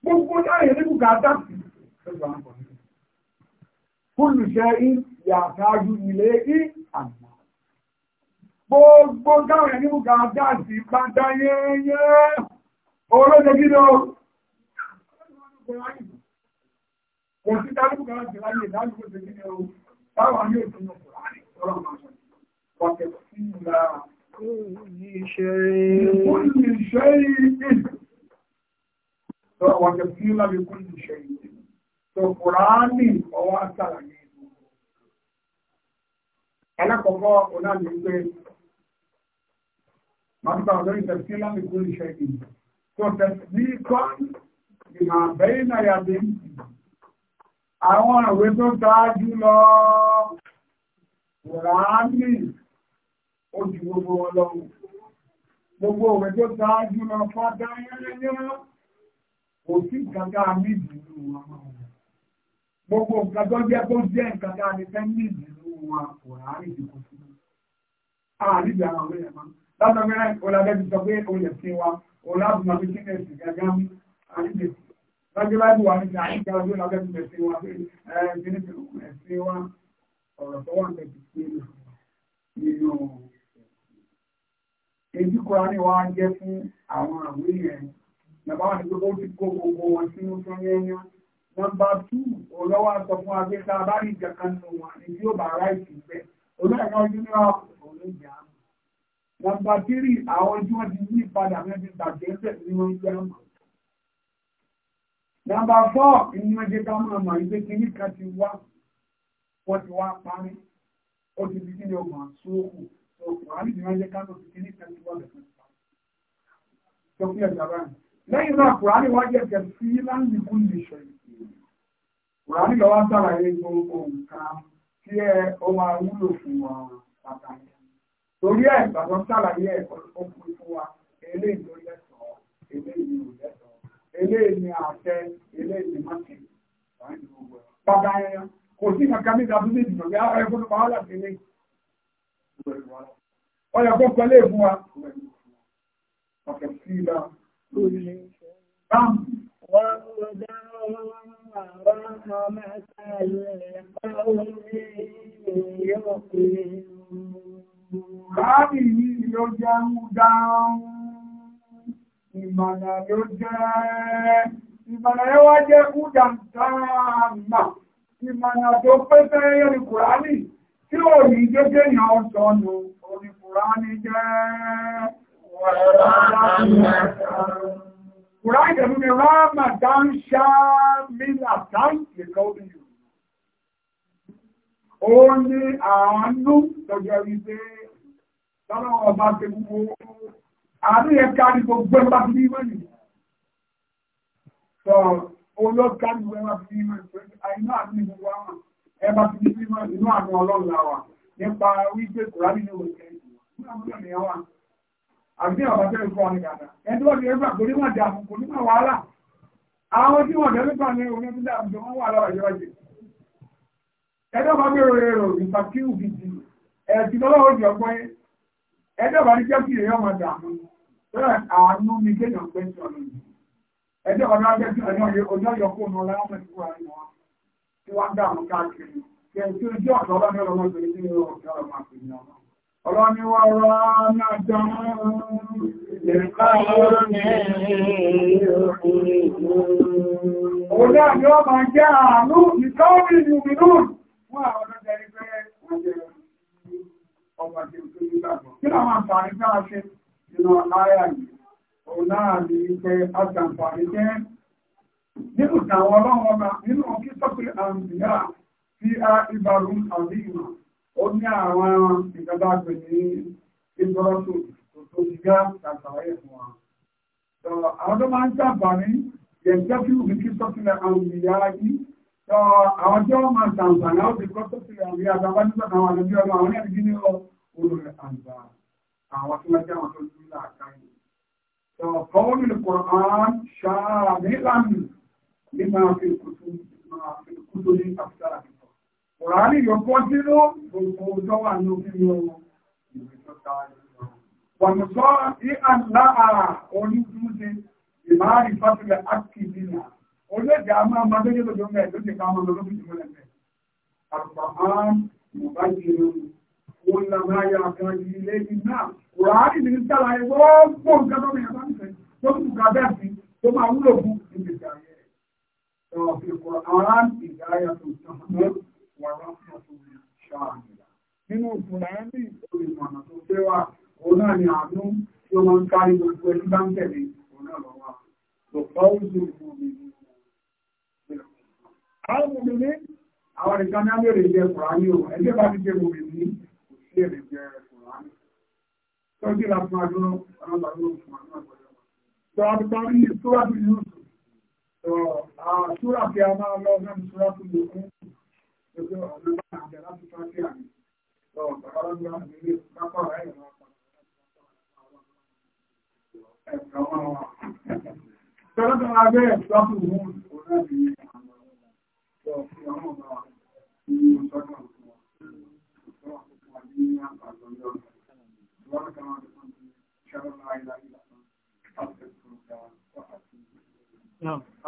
gbogbo láyé ní bùkátà sí Kúlù ṣe ń yàtájú ilé ì gbogbo dáwọn ẹni mú gàdá sí padà yẹ́yẹ́ olóde gídọ́ kò sí dáwọn gàdá sí láyé ìdájúkò sí gídọ́ táwọn ní òtún náà kò rárí ọlọ́run máa ṣe wọ́pẹ̀ sí ìlà ìṣẹ́ Wàjẹ̀ sí lábẹ́ kún ìṣẹ́ ìdí. Sọ Kùránì ọwọ́ àtàrà ní ìlú. Ẹlẹ́kọ̀ọ́kọ́ onáàlú pé nípa lórí tẹ̀sí láti kú iṣẹ́ yìí tó tẹ̀sí kọ́ ìmọ̀ àbẹ́yìn náà yàgbé ń sì àwọn ìwé tó dáájú lọ ràánì ojú gbogbo ọlọ́run gbogbo ìwé tó dáájú lọ fọ́dá yẹ́rẹ́yẹ́rẹ́ kò sí ìkàtà nídìí nínú wọn gbogbo nǹkan tó jẹ́ tó jẹ́ nǹkan tá a lè fẹ́ nídìí nínú wọn kò ràánì ti kò sí àárín ìyá àwọn èèyàn máa látọ̀ mìíràn olàbẹ́ ti sọ pé olè sí wa olàbùmọ̀ fi kí ẹ̀sìn gẹ́gẹ́ mú àyíké lọ́jọ́ láti wà níbi àyíké ọjọ́ olàbẹ́ ti bẹ̀sìn wa pé ẹ̀ẹ́dì ní ẹ̀sìn wa ọ̀rọ̀ tó wà ní ẹ̀sìn sí nínú èyí kọ́ra ní wa jẹ́ fún àwọn àwé yẹn bàbá wà ní pé ó ti kó gbogbo wọn sínú tó yẹ́nyẹ́ nọ́mbà tù olówó àtọ̀ fún agbésá bá rí ní tí ó bá ráìtì Nàmbà tírì àwọn tí wọ́n ti yí padà mẹ́fì tàbí ẹ̀fẹ̀ ni wọ́n ń gbé àmà. Nàmbà fọ́ ni wọ́n jẹ́ ká máa mà ìgbé kí níka ti wá, wọ́n ti wá parí, ó ti di kíni ọmọ àsókù. Ọkùnrin ni wọ́n jẹ́ ká máa kí níka ti wá bẹ̀rẹ̀ parí. Tọ́kí ẹ̀dá báyìí. Lẹ́yìn náà, Kùránì wá jẹ́ kẹ̀ sí torí ẹ̀ bàbá sàlàyé ẹ̀kọ́ tó kún fún wa eléyìí ló lẹ́tọ̀ọ́ eléyìí ò lẹ́tọ̀ọ́ eléyìí ni àṣẹ eléyìí ni máṣe bàbá yẹn kò sí kankan ní ìdàbí ní ìdìbò yá ẹ fún wa láti ní ọyọ kó pẹ̀lú èfún wa ọ̀kẹ́ sí i náà lórí báńkì. وهدى ورحمة لقوم يؤمنون Ráàmì yìí ló jẹ́ ń dáhùn, ìmọ̀nà ló jẹ́, ìmọ̀nà yẹn wá jẹ́ kújà dáàmà, ìmọ̀nà tó pẹ́sẹ́ yẹni Kùránì tí ò ní jẹ́jẹ́ yàn ọ̀sọ̀nù, òní Kùránì jẹ́ Kùránì jẹ́ mímí àánú tọ́jọ́ wípé lọ́wọ́ ọba ṣe gbogbo àárín ẹ̀ka ni gbogbo ẹ̀ka fi ní ìwé nìyí. sọ olóòka ni wọ́n fi ní ìwé àìní àti ìwé wa wọn ẹ bá fi ní ìwé inú àmì ọlọ́run la wà nípa wípé kùránì ní òkè àbí ọ̀bá ìfàkíwù gidi ẹ̀sìn òjò ọgbọ́n yẹn ẹjọ́ bá ní jẹ́ kí èèyàn máa dààmú lọ́rọ̀ àánú ní kéèyàn pẹ́ sí ọ̀nà yìí ẹjọ́ bá náà jẹ́ kí ọjọ́ yọkó ọ̀nà ọlọ́run mẹ́tí wà nínú wa tí wọ́n ń dààmú káàkiri kí ẹni tí ó jẹ́ ọ̀dọ́ ọlọ́run ọlọ́run ọgbẹ̀rẹ̀ tí ó rọ̀ ọ̀dọ́ máa pè ní ọ̀nà ọlọ́run ni wọ́n rọ́ náà dán Òun náà ni ó máa jẹ́ àánú ìtọ́wìn ìlú mìíràn fún àwọn ọ̀dọ́ ọba tí ó tó nígbàgbọ́. Kí làwọn àǹfààní tá a ṣe nínú àyà yìí? Òun náà ní pé a ṣàǹfààní jẹ́ nínú ìtàwọn ọlọ́run ọba nínú kí sọ́kùnrin àǹbíyà sí a ìbàrún àbí ìmọ̀. Ó ní àwọn ìjọba pè ní ìgbọ́rọ̀tò tó ti gá ṣàṣàyẹ̀ fún wa. Àwọn tó máa ń ṣàǹfààní yẹn jẹ́ kí òun kí sọ́kùnrin àǹbíyà yìí àwọn tí wọ́n máa tàǹtà náà ti kọ́ tó fi àrí àgbàbá nígbà àwọn àlejò ọmọ àwọn ẹ̀rí gíní ọ olùrẹ̀ àgbà àwọn tí wọ́n jẹ́ àwọn tó ní láàká yìí. sọ kọ́wọ́ nínú kọ̀ọ̀kan ṣáà nílànà ní máa fi kùtù máa fi kùtù ní àfisára kìtọ̀. kùránì yọkọ́ sínú gbogbo ọjọ́ wà ní òfin olóògbé a máa máa méjì lójú mẹ́ ló ti ká ọmọ lọ́dún méjì mọ́lẹ̀ mẹ́ àpàmán ìwọ̀nba jìnnà wọn làwọn ayé àgbọn ilé ní náà wàhálì ní sára ẹ gbogbo nǹkan tó mẹ́yà bá ń fẹ́ tó kù ká bẹ́ẹ̀ sí tó máa wúlò fún níbi ìjà ayé rẹ̀ tó fi kọ àwọn ìjà ayé tó tán mọ́ wàrà tó ṣáà nínú ìfúnra ẹ ní ìfúnra tó fẹ́ wà òun náà ni àánú tí ó máa ń kárí gbogbo ẹni bá ń tẹ̀lé òun Àwọn ọmọ mi àwọn ìkan náà lè jẹ Kùránì o, ẹgbẹ́ bá ti jẹ mòmí ní òṣìṣẹ́ lè jẹ Kùránì. Tó kí la fún adúró, ọlọ́pàá ló fún adúró àgbọ̀dọ̀. Tó a ti parí Súrà tó yóò sùn. Tó a Súrà tí a máa lọ náà Súrà tó yóò kún. Tó kí ọ̀nà bá àjẹ láti pàṣẹ àmì. Tó bàbá lọ́gbà mi lè kápá ọ̀rẹ́ ìrọ̀ Tọ́lọ́tọ̀ abẹ́ ìṣọ́pù mú òun náà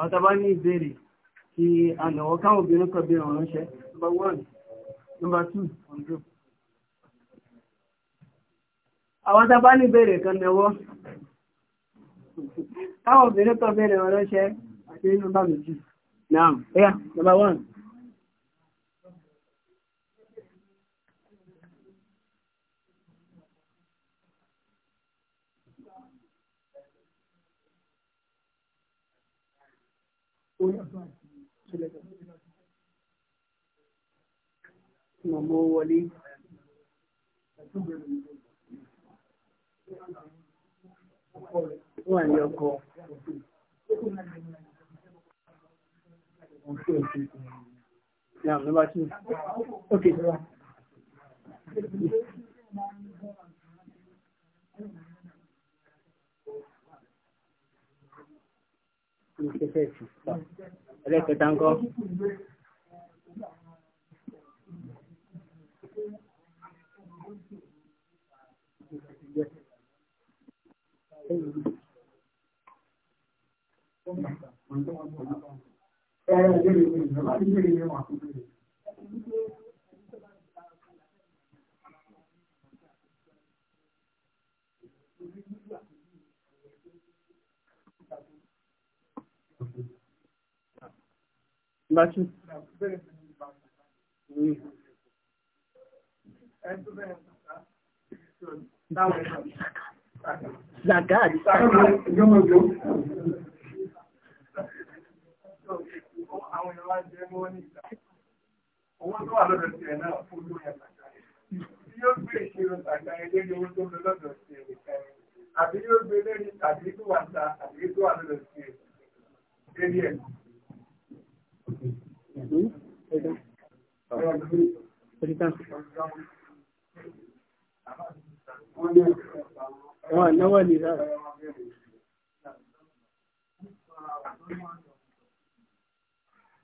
Àwọn tàbá ní ìbéèrè kí a nàwọ́ káwọn obìnrin kan bí ọ̀rọ̀ ṣẹ́. Number one, number two, on group. Àwọn tàbá ní ìbéèrè kan nàwọ́. Káwọn obìnrin kan bẹ̀rẹ̀ ọ̀rọ̀ ṣẹ́ àti nọ́mbà méjì. Now, yeah, number one. Mọ̀mọ́ wọlé. Wọ́n ní ọkọ̀. Now, Thank you ẹ̀rọ ìbéèrè mi ìjọba bá ti béèrè mi wà fún mi. Báṣú. Zàgáàdì. Zàgáàdì fún àwọn ìrọ̀ ajẹ́ ní wọ́n ní ìgbà. Owó tó wà lọ́dọ̀ tiẹ̀ náà fún ló yẹ kàkà. Tí yóò gbé ìṣirò tàgbà ẹgbẹ́ ní owó tó lọ lọ́dọ̀ tiẹ̀ nìkan. Àbí yóò gbé lẹ́yìn tàbí tó wà ta àbí tó wà lọ́dọ̀ tiẹ̀. Dédé ẹ̀. Wọ́n náwó ni lára.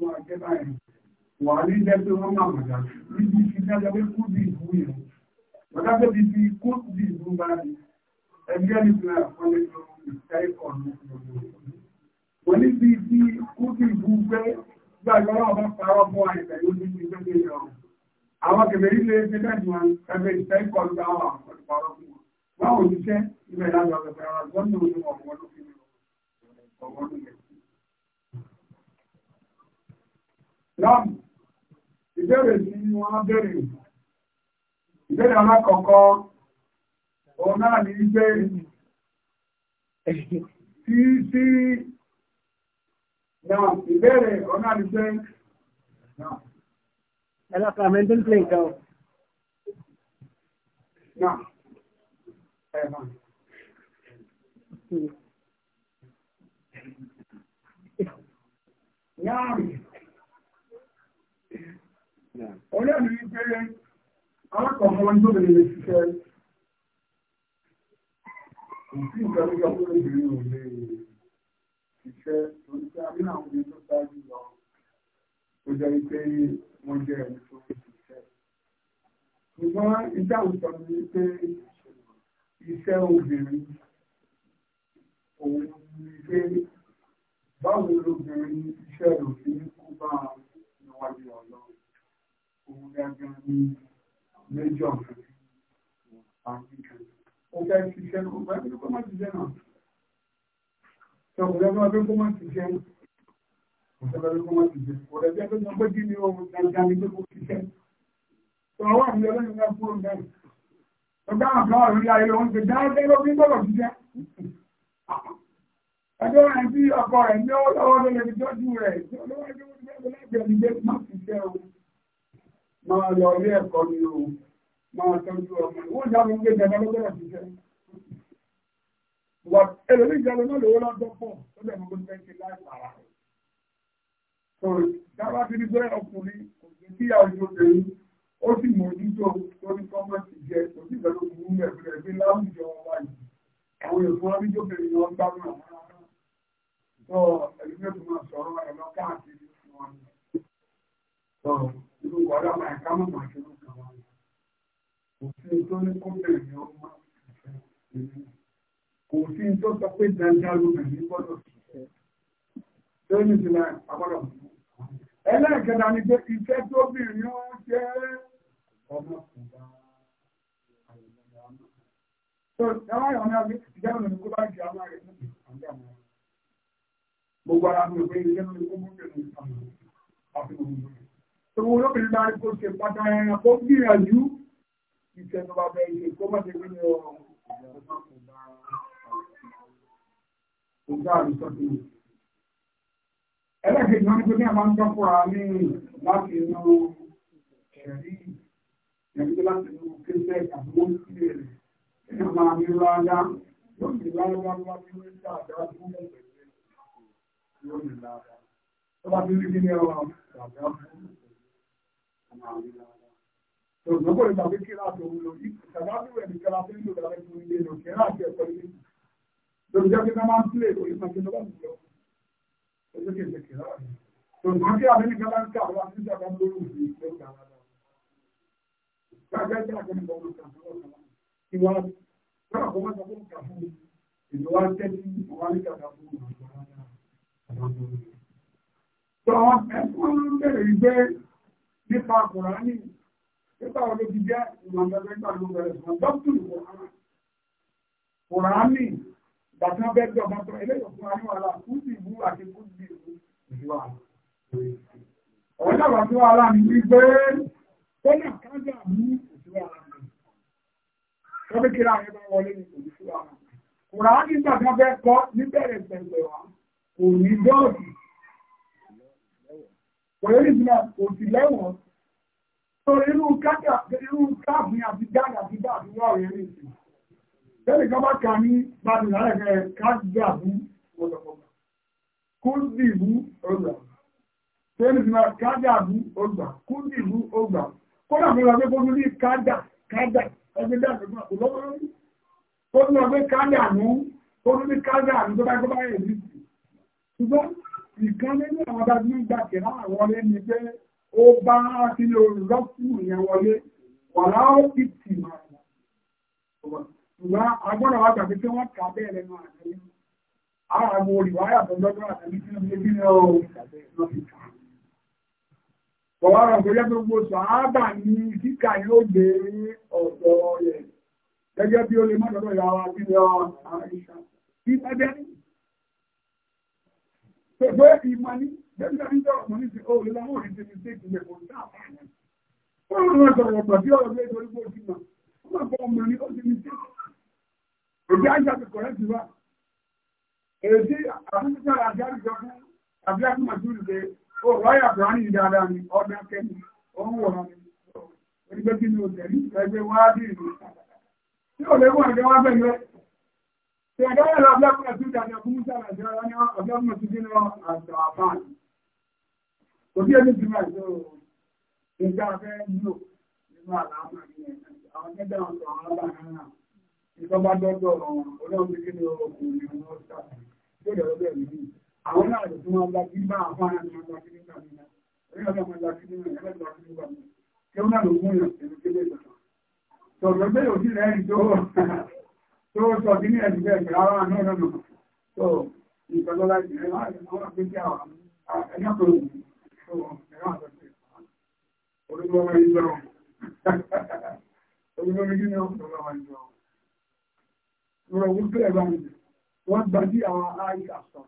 wọn àjẹ́ báyìí wà ní jẹ́ pé wọ́n máa mọ̀dá níbi ti dájọ́ pé kú di ìlú yẹn bàtà tó ti fi kú di ìlú báyìí ẹgbẹ́ ní ti náà fọ́n lé lọ ìfẹ́ ọ̀nà wọ́n ní bí ti kú di ìlú pé gbàgbọ́ náà bá parọ́ fún àìsàn yóò ní ti gbẹ́gbẹ́ yọ àwọn kẹfẹ́ ilé ṣe dájú wọn ẹgbẹ́ ìfẹ́ ìkọlù ọ̀pọ̀lọpọ̀ ìsìláàmù ìbéèrè tí wọ́n béèrè ìbéèrè alákọ̀ọ́kọ́ òun náà ní pé tí sí náà ìbéèrè òun náà ní pé náà. Ẹlọ́pàá mẹ́ndín plé ìjọ. Náà, ẹ̀mà. Náà. Ọlọ́run ní pé alákọ̀ọ́mọ́ wọn tó bèèrè lè ṣiṣẹ́ ìsí ìgbàlódé ọkùnrin obìnrin ò lè ṣiṣẹ́ torí pé àmì àwọn obìnrin tó ṣáájú lọ ó jẹ́ pé wọ́n jẹ́ ẹni tó ń ṣiṣẹ́. Ṣùgbọ́n ìjà òsọ ni pé iṣẹ́ obìnrin òun ni pé báwo lobìnrin iṣẹ́ òfin kú bá àwọn pàdé ọlọ́run òun gẹ́gẹ́ ní méjọ̀ àfihàn ó fẹ́ ṣiṣẹ́ kó fẹ́ kó má ṣiṣẹ́ náà ṣọkùnrin ọmọ ẹgbẹ́ kó má ṣiṣẹ́ òṣèlú kó má ṣiṣẹ́ ọ̀rẹ́ jẹ́ pé ní ọgbẹ́ kí ni ohun dandan ní pé kó ṣiṣẹ́ ọwọ́ àti ọlọ́run náà kúrò náà ọgbà àbúrò orí ayé ló ń ṣe dáadé ló fi gbọ́dọ̀ ṣiṣẹ́ ẹjọ́ rẹ̀ bí ọkọ rẹ̀ ní ọwọ́ lọ́wọ́ lọ́lẹ́ni tọ́jú rẹ̀ lọ́wọ́ ẹlẹ́jẹ̀ ní jẹ́ má fi o máa lọ ilé ẹ̀kọ́ ni o máa tọ́jú ọmọ ìwọ́n ìjà ló ń gbé jẹba lọ́gbẹ̀rẹ̀ sí jẹ́ wà ẹlòmí ìjọba náà lówó lọ́jọ́ pọ̀ tó lẹ̀ mọ́gbọ́n fẹ́ ṣe láì para tó dábàá ti di pé ọkùnrin kò sí kí àjọ obìnrin ó sì mójútó torí kọ́mọ́ ti jẹ kò sí ìgbàlódé burú ẹ̀fẹ̀ ẹ̀fẹ̀ láwùjọ wa yìí àwọn èèyàn wọn níjọ́ bẹ̀rẹ̀ ni wọ́n gbádùn Então, não guarda mais calma, mas eu não calma. O senhor não compreendeu uma O senhor está cuidando de algo que não pode ser. Então, ele diz lá, agora, ẹlẹ́ẹ̀kẹta ni pé iṣẹ́ tó bìnrin ó jẹ́ ọmọkùnrin àìlọ́yà náà. tó dáwọ́ ìrànlọ́wọ́ ìjọba ìrànlọ́wọ́ bá jẹ́ àwọn àrẹ̀ náà gbogbo ara mi ò pé ilé lórí fún mọ́tò ní ìpamọ́ àfihàn òun. tó wọ́n lóbìnrin bá rí kó ṣe pátá ẹran kó gbìyànjú ìṣẹ̀nùbà bẹ̀rẹ̀ ìṣe kó má ṣe gbé ní ọrùn ọ̀gá àrùsọ́ tó yẹ. ẹlẹ́kẹ̀ẹ́ ìwọ́n ní pé ní àwọn ń tọ́kọ̀ ra ní láti inú ẹ̀rí ẹ̀rí láti inú kéṣẹ́ àbúrò sílẹ̀ rẹ̀ ní àwọn àmì rárá yóò ní lára tó bá ti rí kí ní ọ̀rọ̀ ìgbàgbọ́ fún ọmọ àrí lára tó gbogbo ìgbà pé kí láti òun lò ìgbàgbọ́ rẹ̀ ní kẹra tó ń lò lára fún ilé lò kẹra àti ẹ̀kọ́ ilé lórí jẹ́ pé máa ń tilẹ̀ ìkòlì máa ti lọ́wọ́ lọ ó tó kéde kẹra rẹ̀ tó gbogbo kí àbí ní kẹra ń ká àwọn àti ìjọba ń lórí òfin ìgbẹ́ òkà lára gbàgbẹ́ jẹ́ àgbẹ̀ ìwà tọ́lá kó má sọ fún ìkà fún ìjọba tẹ́tí ìwà ní kàkà fún ìwà Sọ ẹ̀fún ń bèèrè gbé nípa Kùránì, nípa ọdún ti jẹ́ ìmọ̀lẹ́gbẹ̀gbà ló bẹ̀rẹ̀ fún ọdún Kùránì, ìgbàtí wọ́n bẹ́ẹ̀ jọba tó ẹlẹ́yọ̀ fún aríwàlá, kú sí ìbú àti kú sí ìbú Ọ̀dọ́ àwọn tí wọ́n alá ní wípé tọ́nà kájà mú òṣìṣẹ́ ara rẹ̀. Tọ́bí kíra rẹ̀ bá wọlé ní òṣìṣẹ́ ara rẹ̀. Kùránì nígbà tí wọ́n fẹ́ kọ́ níbẹ̀rẹ̀ pẹ̀lú ẹ̀wà. kò ní gọ́ọ̀dù pẹ̀lúìsìnà kò sí lẹ́wọ̀n tó irú káàbù ní àti gáàdì àti gáàdì wọ́n rẹ̀ ní ìsìn tẹ́lẹ̀ kan bá ka ní bàbí àrẹ̀fẹ́ káàdìgbàbú ọlọ́pọ̀lọ́ kúndìbú ọgbà pẹ̀lúìsìnà káàdìgbàbú ọgbà kúndìbú ọgbà kódà fún ọgbẹ́ kó ní káàdà káàdà ẹgbẹ́ dàgbẹ́ kó ní ọgbẹ́ ṣùgbọ́n ìkan nínú àwọn adájú ń gbàgbé láàrin wọlé ni pé ó bá sí lórọ́pù yẹn wọlé wà láwọ́ sí tì máa ṣùgbọ́n agbọ́dọ̀ wá gbàgbé pé wọ́n kà bẹ́ẹ̀ lẹ́nu àtẹ́lẹ́ àwọn àgbò olùwáyà tó lọ́dọ̀ àtẹ́lẹ́ tí wọ́n fi bí náà ó fi kà Bọ̀wá rọ̀ pé lẹ́gbẹ̀ẹ́ gbogbo sàábà ní kíkà yóò gbé ọ̀dọ̀ rẹ̀ gẹ́gẹ́ bí ó lè mọ́ Gbogbo ìmọ̀ ní gbẹ́gbẹ́ ní sọ̀rọ̀ mọ́ ní ti ó lè lọ́wọ́ òrìṣẹ́ ní ṣé ìpínlẹ̀ kò ní àpáàyàn. Wọ́n rán sọ̀rọ̀ ọ̀pọ̀ tí ọ̀rọ̀ lé torí bó ti mọ̀. Wọ́n máa bọ ọmọ ní ó ti ní ṣé. Òbí àjà ti kọ̀rẹ́ ti wá. Èdè àfúnṣe àjà àjọ fún àbí àfúnmọ̀ tó lè ó ráyà Bùránì dáadáa ni ọ̀dà kẹ́mi ó ń wọ̀rọ̀ ni. Onígbẹ́kí ni ò tẹ̀lé ẹgbẹ́ wá dé ìlú. Tí ò lè wọ̀ Ṣẹ̀dọ́rọ̀ lọ́gbẹ́kùnrin tí ó dàbí ọkùnrin sára ìjọra ní ọgbẹ́kùnrin tí ó dínà àṣà àfáàlì. Kò bí ẹni jùlọ ìjọrò ìjọ afẹ́ yíò nínú àlàáfà ní ẹ̀sẹ̀. Àwọn ẹgbẹ́ àwọn ọ̀rọ̀ alábàárà náà. Ìjọba dọ́dọ̀ ọ̀rọ̀ olóòrùn tí kí ni ọkùnrin ni wọ́n sá. Ṣé ìjọba bẹ̀rẹ̀ ní? Àwọn náà lè tún máa gba kí bá àfáàrà ní ọjọ́ kí nígbà nígbà. Orí ọjọ́ máa gba kí nígbà nígbà nígbà nígbà. Kí ó náà lò fún ìrìn àti ìrìn kéde ìjọba. Sọ̀rọ̀ bẹ́ẹ̀ òjì rẹ̀ ń tó tó sọ sí ní ẹ̀sùn bẹ́ẹ̀ pẹ̀lú ara náà lọ́nà tó nǹkan lọ́la ìṣẹ̀lẹ̀ àwọn àpéjẹ́ àwọn ẹ̀yọ́kọ̀ òun tó ẹ̀rọ àtọ́sí orúkọ ọmọ wọ́n gbà sí àwọn aráyé àṣọ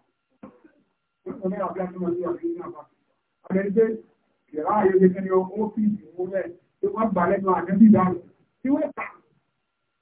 ọmọ àbíyá tó máa ń lọ sí ní àpá àgbẹ̀dẹ́gbẹ́ yàrá ayé gẹ́gẹ́ ni ó fi ìdìbò rẹ̀ tó wọ́n gbà lẹ́nu àjẹ́bí ìdáhùn tí wọ́n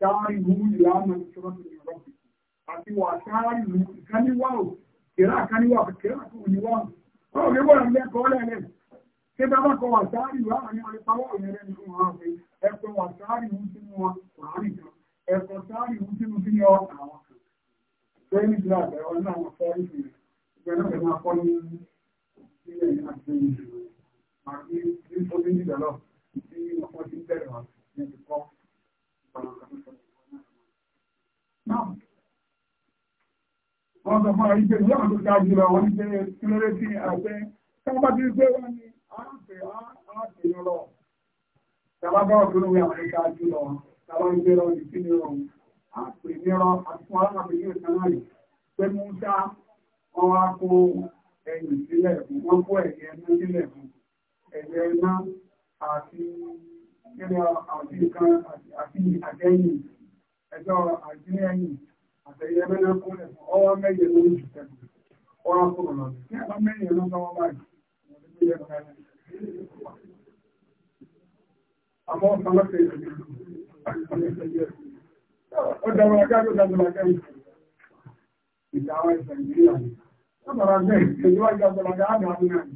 sáárì wú ìlànà ìṣòro ti ní ọ̀rọ̀ àti wà sáárì wú ìkáníwáwò kìrá káníwá kìrá kò ní wáwò ọ̀rọ̀ mi wọ̀rọ̀ ilé ẹ̀kọ́ lẹ́lẹ̀ ṣé bàbá kan wà sáárì wú àwọn ọ̀rẹ́ pawọ́ ọ̀rẹ́ rẹ̀ nínú wọn àfẹ́ ẹ̀kọ́ wà sáárì wú sínú wọn wàhálì kan ẹ̀kọ́ sáárì wú sínú sí ọ àwọn kan tó ní ìlú àgbẹ̀ ọ̀nà àwọn fọ́ọ̀rì fìlẹ̀ ìgbẹ́ náà lè máa fọ́ wọ́n sọ fún àríkẹ́ ìlú àwọn tó ká jùlọ wọ́n ní pé kílódé sí àpẹ tí wọ́n bá ti pé wọ́n ní àáfẹ́ àáfẹ́ lọ tàbá bá ọ̀dọ́ lórí àwọn ẹ̀ka jùlọ tàbá ń gbé lọ ìpín ní ọ̀hún àpè nírọ̀ àti fún alábẹ̀ yóò tán láyè pé mú sá wọn wá kó ẹ̀yìn sílẹ̀ fún wọn kó ẹ̀yẹ ẹ̀ná sílẹ̀ fún ẹ̀yẹ ẹ̀ná àti kílọ̀ àti ìkan àti àjẹyìn ẹjọ́ àjẹyìn àtẹ̀yẹ mẹ́lẹ́ fún ẹ̀ ọwọ́ mẹ́yẹ ló ń jù tẹ́kù ọwọ́ fún ọ̀nà tí a bá mẹ́yẹ ló ń bá wọn báyìí àmọ́ ọ̀sán lọ́sẹ̀ ìrìnlẹ̀ ó dáwọn akáàkó dáwọn akáàkó ìdáwọn ìfẹ̀ ìgbéyà ni lọ́bàrá bẹ́ẹ̀ tẹ̀síwájú àgbàlagbà àdáwọn náà ni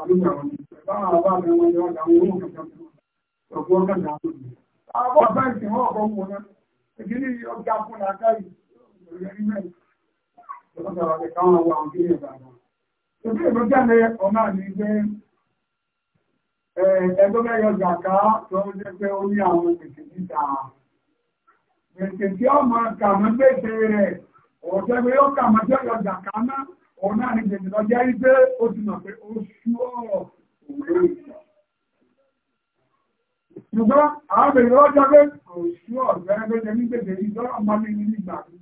àdúgbà wọn ni báwọn àbá mi wọn ni wọn dáwọn owó kankan ọgbọ́n kan dáwọn ni àwọn àbá ìsìn wọn ọ̀pọ̀ wọn náà ìdílé ọjà fún làákàyè Ẹgbẹ́gbẹ́ yọ jàká tó ń jẹ́ pé ó ní àwọn ìpèsè níta. Gbèsè tí ó máa kàmọ́ gbèsè rẹ̀, ọ̀tẹ́ pé ó kàmọ́ tí ó yọ jàká náà, òun náà ní gbèsè lọ jẹ́ wípé ó ti mọ̀ pé ó ṣú ọ̀rọ̀ òun ṣùgbọ́n àwọn bèèrè lọ́jọ́ pé kò ṣú ọ̀rọ̀ gẹ́gẹ́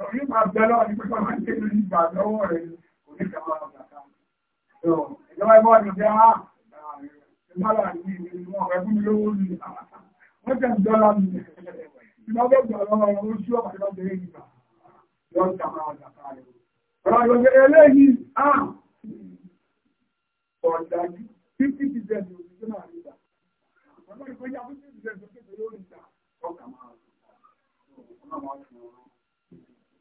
Torí máa bẹ́lọ́ ní pípọ́ máa ń tẹ́lú ìgbà lọ́wọ́ rẹ̀ kò ní kàmá ọ̀gá kan. Ìjọba ìbọn ọ̀dọ̀ bí a ìmọ̀lá ní ìlú ọ̀rẹ́ fún mi lówó ní àwàtà. Wọ́n jẹ́ ìjọba mi. Ìjọba ìgbà lọ́wọ́ rẹ̀ ó ṣú ọ̀pọ̀ ìjọba ìgbà. Yọ́n kàmá ọ̀gá kan rẹ̀. Ọ̀rọ̀ ìgbà eléyìí á ọ̀dájú fifty percent òṣìṣẹ́ náà